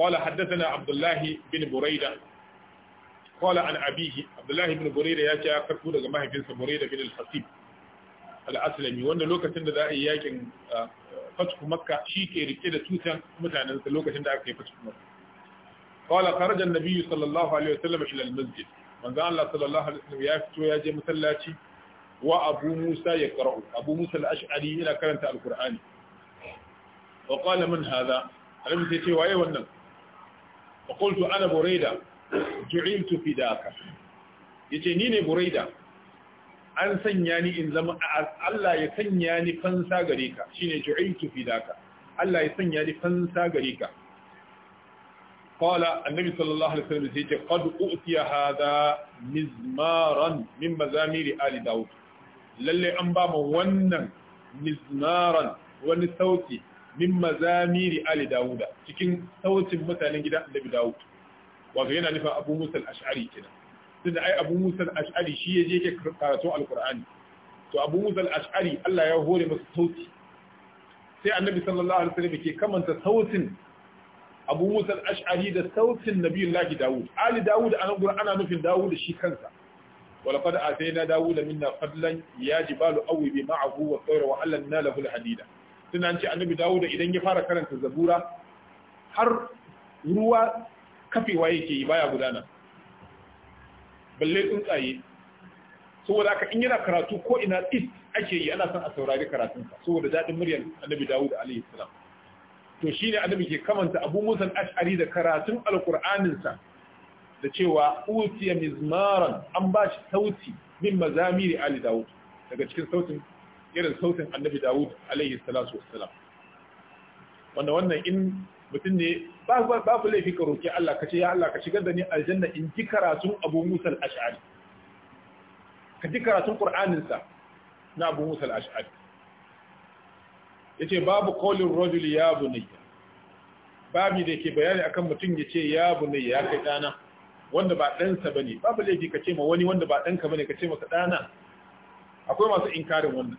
قال حدثنا عبد الله بن بريدة قال عن أبيه عبد الله بن بريدة يا شاكر كودة جماعة بن بريدة بن الحسيب al wanda lokacin da za a yi yakin fatku makka shi ke rike da tutan mutanen sa lokacin da aka yi fatku makka qala kharaja an-nabiy sallallahu alaihi wasallam ila al-masjid manzo Allah sallallahu alaihi wasallam ya fito ya je masallaci wa abu musa ya qara'u abu musa al-ash'ari yana karanta Alkur'ani. qurani wa qala man hadha alim sai ce waye wannan fa qultu ana burayda ju'iltu Ya ce ni ne burayda an sanya ni in zama Allah ya sanya ni fansa gare ka shine ju'iltu fi Allah ya sanya ni fansa gare ka qala annabi sallallahu alaihi wasallam sai qad utiya hada mizmaran min mazamiri ali daud lalle an ba mu wannan mizmaran wani sauti min mazamiri ali dauda cikin sautin mutanen gidan annabi daud wato yana nufin abu musa al-ash'ari kenan tunda ai abu musa al-ash'ari shi yaje yake karatu al-qur'ani to abu musa al-ash'ari Allah ya hore masu sauti sai annabi sallallahu alaihi wasallam ke kamanta sautin abu musa al-ash'ari da sautin nabiyullahi dawud ali dawud anan gurin ana nufin dawud shi kansa sai na ولقد آتينا داود منا فضلا يا جبال أوبي معه والطير وعلمنا له الحديدة tunda an ce annabi dawo da idan ya fara karanta zabura har ruwa kafewa yake yi baya gudana balle tsuntsaye saboda aka in yana karatu ko ina it ake yi ana son a saurari karatunsa saboda daɗin muryar annabi dawud alaihi salam to shine annabi ke kamanta abu musa al-ash'ari da karatun alqur'anin sa da cewa utiya mizmaran an ba shi sauti min mazamiri ali dawud daga cikin sautin irin sautin annabi dawud alaihi salatu wassalam wanda wannan in mutum ne ku laifi ka roƙi Allah ka ce ya Allah ka shigar da ni aljanna in ji karatun Abu Musa al-Ash'ari ka ji karatun Qur'anin na Abu Musa al Ya ce babu kolin rajul ya bunayya babu da ke bayani akan mutum ya ce ya ne ya kai dana wanda ba ɗansa ba ne. babu laifi ka ce ma wani wanda ba ɗanka ba ne, ka ce masa dana akwai masu inkarin wannan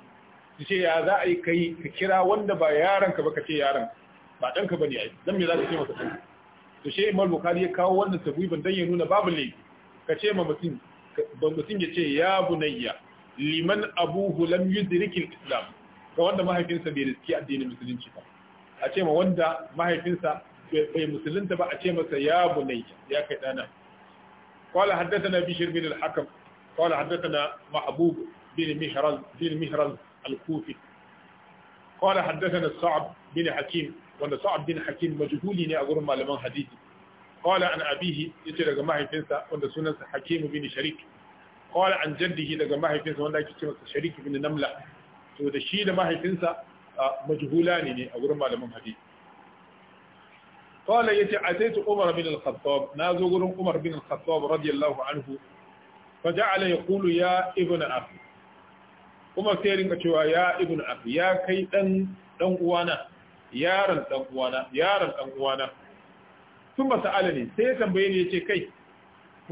su ce ya za a yi kai ka kira wanda ba yaranka ba ka ce yaranka ba ɗanka ba ne a yi don me za ka ce masa ɗanka to shi imar bukari ya kawo wannan tabuibin don ya nuna babu laifi ka ce ma mutum ba mutum ya ce ya bunayya liman abuhu lam yudrikil islam ga wanda mahaifinsa bai riski addinin musulunci ba a ce ma wanda mahaifinsa bai musulunta ba a ce masa ya bunayya ya kai dana qala haddathana bishr bin al-hakam qala haddathana mahbub bin mihran bin mihran al-kufi qala haddathana sa'd bin hakim wanda sa'ad bin hakim majhuli ne a gurin malaman hadisi qala an abihi yace daga mahaifinsa wanda sunansa hakim bin sharik qala an jaddihi daga mahaifinsa wanda ake cewa sharik bin namla to da shi da mahaifinsa majhula ne ne a gurin malaman hadisi qala yace ataitu umar bin al-khattab nazo gurin umar bin al-khattab radiyallahu anhu faja'ala yaqulu ya ibnu akhi kuma sai rinka cewa ya ibnu akhi ya kai dan dan uwana yaron dan uwana yaron dan uwana sun ba sa'ala ne sai ya tambaye ni yace kai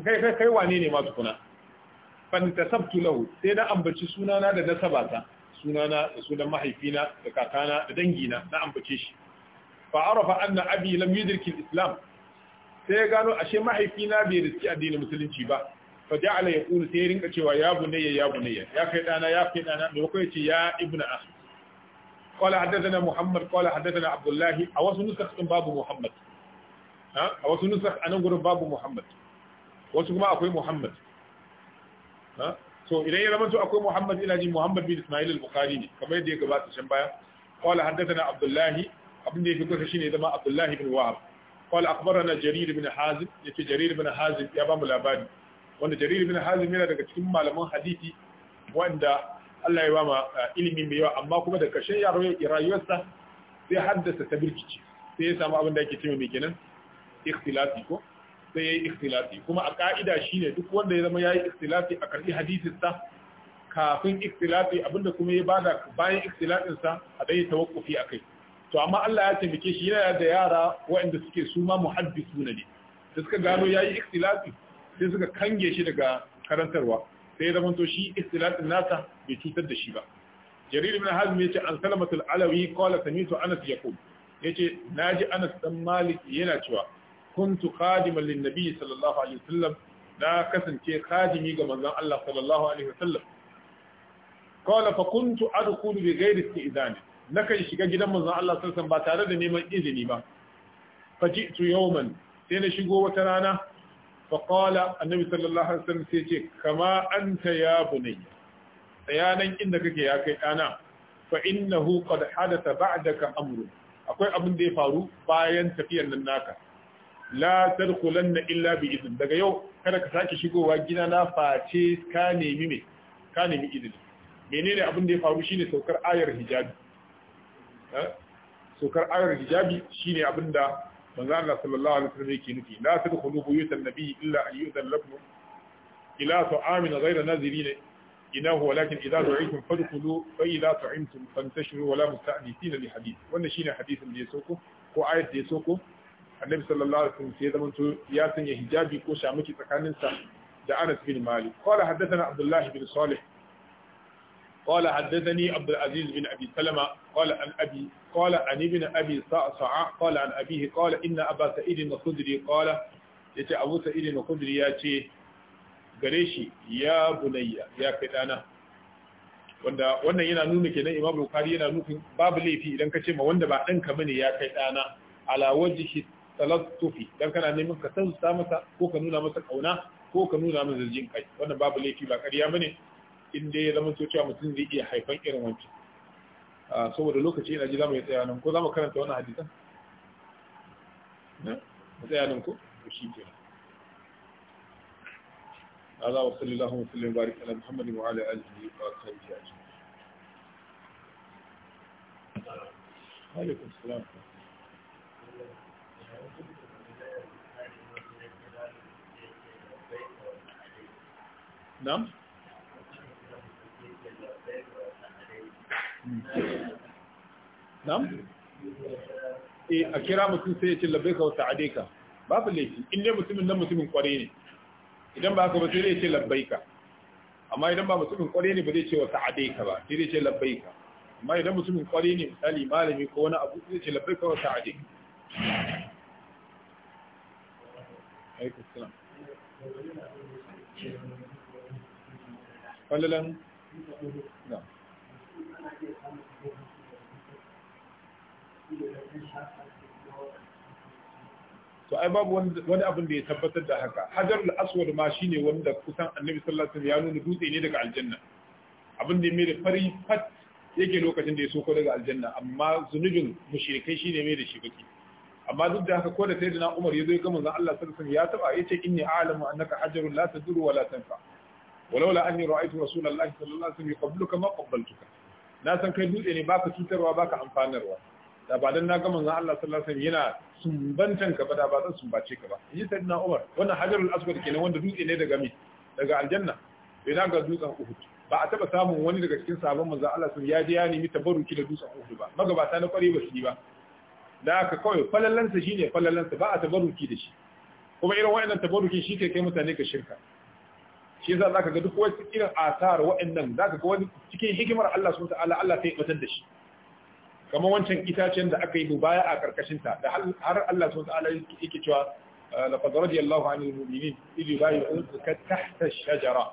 kai kai kai wane ne ma tukuna fan tasabtu lahu sai na ambaci sunana da nasabata sunana da sunan mahaifina da kakana da dangina na ambace shi fa arafa anna abi lam yudrik islam sai ya gano ashe mahaifina bai riski addinin musulunci ba fa ja'ala yaqulu sai ya rinka cewa ya bunayya ya bunayya ya kai dana ya kai dana me ko yace ya ibna akhi قال حدثنا محمد قال حدثنا عبد الله او نسخ باب محمد ها او نسخ انا غور باب محمد wasu kuma akwai Muhammad so idan ya zamanto akwai Muhammad ina ji Muhammad bin Ismail al-Bukhari ne kamar yadda ya gabata can baya qala haddathana Abdullah abin da yake kusa shine zama Abdullah bin Wahab qala akhbarana Jarir bin ya yace Jarir bin Hazim ya bamu labari wanda jariri bin Hazim yana daga cikin malaman hadisi wanda Allah ya ba ma ah, ilimi mai yawa amma kuma da kashe ya rayuwarsa sai haddasa ta birkici sai ya samu abin da ake cewa mai kenan ikhtilafi ko sai ya yi ikhtilafi kuma a ka'ida shine duk wanda ya zama ya yi ikhtilafi a karbi hadisinsa kafin ikhtilafi abinda kuma ya bada bayan ikhtilafinsa a dai tawakkufi kai. to amma Allah ya taimake shi yana da yara waɗanda suke su ma muhaddisuna ne da suka gano yayi ikhtilafi sai suka kange shi daga karantarwa sai zaman to shi istilatin nasa bai cutar da shi ba jarir ibn hazm yace an salamat al-alawi qala samitu anas yaqul yace naji anas dan malik yana cewa kuntu khadiman lin nabi sallallahu alaihi wasallam na kasance khadimi ga manzon Allah sallallahu alaihi wasallam qala fa kuntu adkhulu bi ghairi istizan nakan shiga gidan manzon Allah sallallahu alaihi wasallam ba tare da neman izini ba faji'tu yawman sai na shigo wata rana faƙala annabi sallallahu alaihi wasallam sai ce kama anta ya bunayya nan inda kake ya kai ɗana fa innahu qad da ba'daka amru akwai abin da ya faru bayan tafiyar nan naka la tadkhulanna illa bi idin daga yau kada ka sake shigowa gida na face ka nemi me menene abin da ya faru shine saukar ayar hijabi eh? saukar ayar manzo Allah sallallahu alaihi wasallam yake nufi la tadkhulu buyutan nabiy illa an yu'dhan lakum ila ta'amin ghayra nazirin inahu walakin idza du'itum fadkhulu fa idza tu'imtum fantashiru wala musta'nifina li hadith wannan shine hadisin da ya soko ko ayat da ya soko annabi sallallahu alaihi wasallam sai zaman ya sanya hijabi ko shamaki tsakaninsa da Anas bin Malik qala haddathana Abdullah bin Salih قال حدثني عبد العزيز بن أبي سلمة قال عن أبي قال عن ابن أبي صعصع قال عن أبيه قال إن أبا سعيد الخدري قال يتي أبو سعيد الخدري ياتي غريشي يا بني يا كدانا wanda wannan yana nuna kenan Imam Bukhari yana nufin babu laifi idan ka ce ma wanda ba danka bane ya kai ɗana ala wajhi talattufi dan kana neman ka san sa masa ko ka nuna masa kauna ko ka nuna masa jin kai wannan babu laifi ba ƙarya bane in dai ya zama cewa mutum zai iya haifan irin wancan ah, saboda lokaci ina ji za mu yi tsaya nan ko za mu karanta wani hadisan mu tsaya nan ko shi ke Allah wa sallallahu wa sallam barik ala Muhammadin wa ala alihi wa sahbihi ajma'in Alaikum salam. Nam? na'am eh a kira mutum sai ya ce labbaika wa sa'adeka babu laifi in dai mutumin nan mutumin kware ne idan ba haka ba sai ya ce labbaika amma idan ba mutumin kware ne ba zai ce wa sa'adeka ba sai ya ce labbaika amma idan mutumin kware ne misali malami ko wani abu zai ce labbaika wa sa'adeka alaikum salam fallalan na'am to ai babu wani abin da ya tabbatar da haka hajar al-aswad ma shine wanda kusan annabi sallallahu alaihi wasallam ya nuna dutse ne daga aljanna abin da ya mai da fari fat yake lokacin da ya soko daga aljanna amma zunubin mushrikai shine mai da shi baki amma duk da haka ko da sayyidina Umar ya zo ga manzon Allah sallallahu alaihi wasallam ya taba yace inni a'lamu annaka hajarun la tadur wa la tanfa ولولا اني رايت رسول الله صلى الله عليه وسلم يقبلك na san kai dutse ne baka cutarwa baka amfanarwa da ba dan na ga manzon Allah sallallahu alaihi wasallam yana sumbantan ka ba da ba zan sumbace ka ba yi sayyidina Umar wannan hajarul aswad kenan wanda dutse ne daga mi daga aljanna bai na ga dutsen Uhud ba a taba samun wani daga cikin sahabban manzon Allah sun ya je ya nemi tabarruki da dutsen Uhud ba magabata na kware ba su yi ba da aka kawai falalansa shine falalansa ba a tabarruki da shi kuma irin wa'annan tabarruki shi ke kai mutane ka shirka shi za ka ga duk wasu irin asar wa'annan zaka ga wani cikin hikimar Allah subhanahu ta'ala Allah sai batar da shi kamar wancan itacen da aka yi baya a karkashin ta da har Allah subhanahu ta'ala yake cewa ah, laqad radiyallahu 'anil mu'minin idh yubayyi'unaka tahta ash-shajara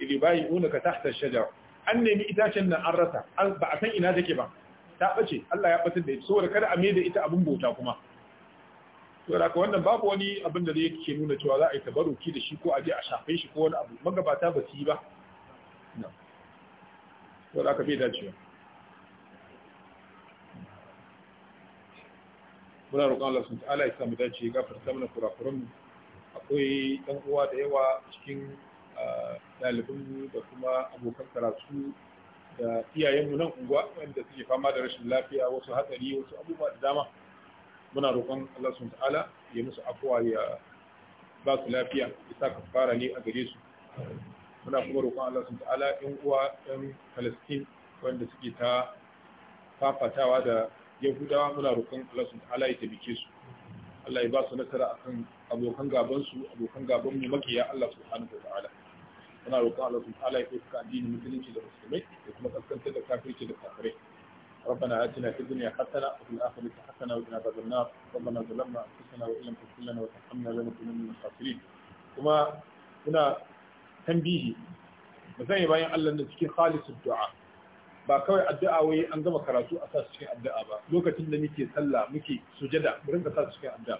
idh ka tahta ash-shajara an nemi itacen nan an rasa ba a san ina take ba ta ɓace Allah ya batar da ita saboda kada a mai da ita abun bauta kuma to da wannan babu wani abin da zai ke nuna cewa za a yi tabaruki da shi ko a je a shafe shi ko wani abu magabata ba su yi ba to da aka bai dacewa muna roƙon Allah sun ta'ala ya samu dace ya gafarta mana kurakuran mu akwai ɗan uwa da yawa cikin mu da kuma abokan karatu da iyayenmu nan unguwa wanda suke fama da rashin lafiya wasu hatsari wasu abubuwa da dama muna roƙon Allah sun ta'ala ya musu afuwa ya ba su lafiya ya sa kafara ne a gare su muna kuma roƙon Allah sun ta'ala in uwa ɗan Palestine wanda suke ta fafatawa da Yahudawa muna roƙon Allah sun ta'ala ya taimake su Allah ya ba su nasara akan abokan gaban su abokan gaban mu makiya Allah subhanahu ta'ala muna roƙon Allah sun ta'ala ya suka addinin musulunci da musulmai da kuma kaskantar da kafirci da kafirai ربنا آتنا في الدنيا حسنة وفي الآخرة حسنة وقنا عذاب النار ربنا ظلمنا أنفسنا وإن لم تغفر لنا وترحمنا لنكونن من الخاسرين كما هنا تنبيه مثلا باين الله أن cikin خالص الدعاء ba kawai addu'a wai an gama karatu a sasu cikin addu'a ba lokacin da muke sallah muke sujada mu rinka sa cikin addu'a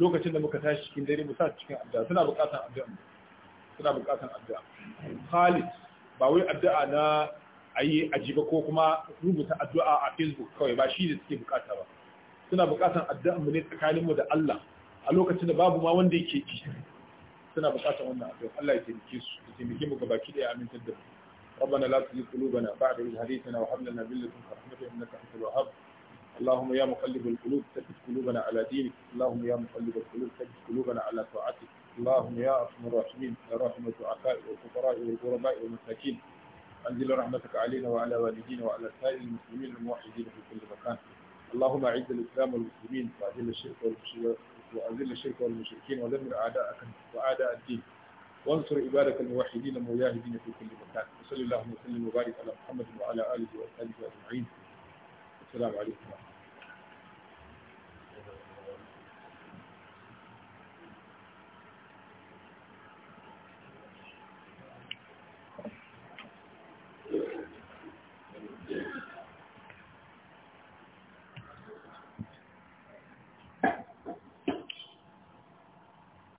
lokacin da muka tashi cikin dare mu sasu cikin addu'a suna buƙatar addu'a suna buƙatar addu'a khalis ba wai addu'a na ayi yi ko kuma rubuta addu'a a facebook kawai ba shi ne suke bukata ba suna bukatan addu'a mu ne tsakaninmu da Allah a lokacin da babu ma wanda yake ji suna bukatan wannan addu'a Allah ya taimake su ya taimake mu gabaki da ya amintar da mu ربنا لا تزغ قلوبنا بعد إذ هديتنا وهب لنا من لدنك رحمة إنك أنت الوهاب اللهم يا مقلب القلوب ثبت قلوبنا على دينك اللهم يا مقلب القلوب ثبت قلوبنا على طاعتك اللهم يا أرحم الراحمين يا راحم الضعفاء والفقراء والغرباء والمساكين أنزل رحمتك علينا وعلى والدينا وعلى سائر المسلمين الموحدين في كل مكان اللهم أعز الإسلام والمسلمين وأذل الشرك وأذل الشرك والمشركين ودمر أعداءك وأعداء الدين وانصر عبادك الموحدين المجاهدين في كل مكان وصلى اللهم وسلم وبارك على محمد وعلى آله وأصحابه أجمعين السلام عليكم ورحمة الله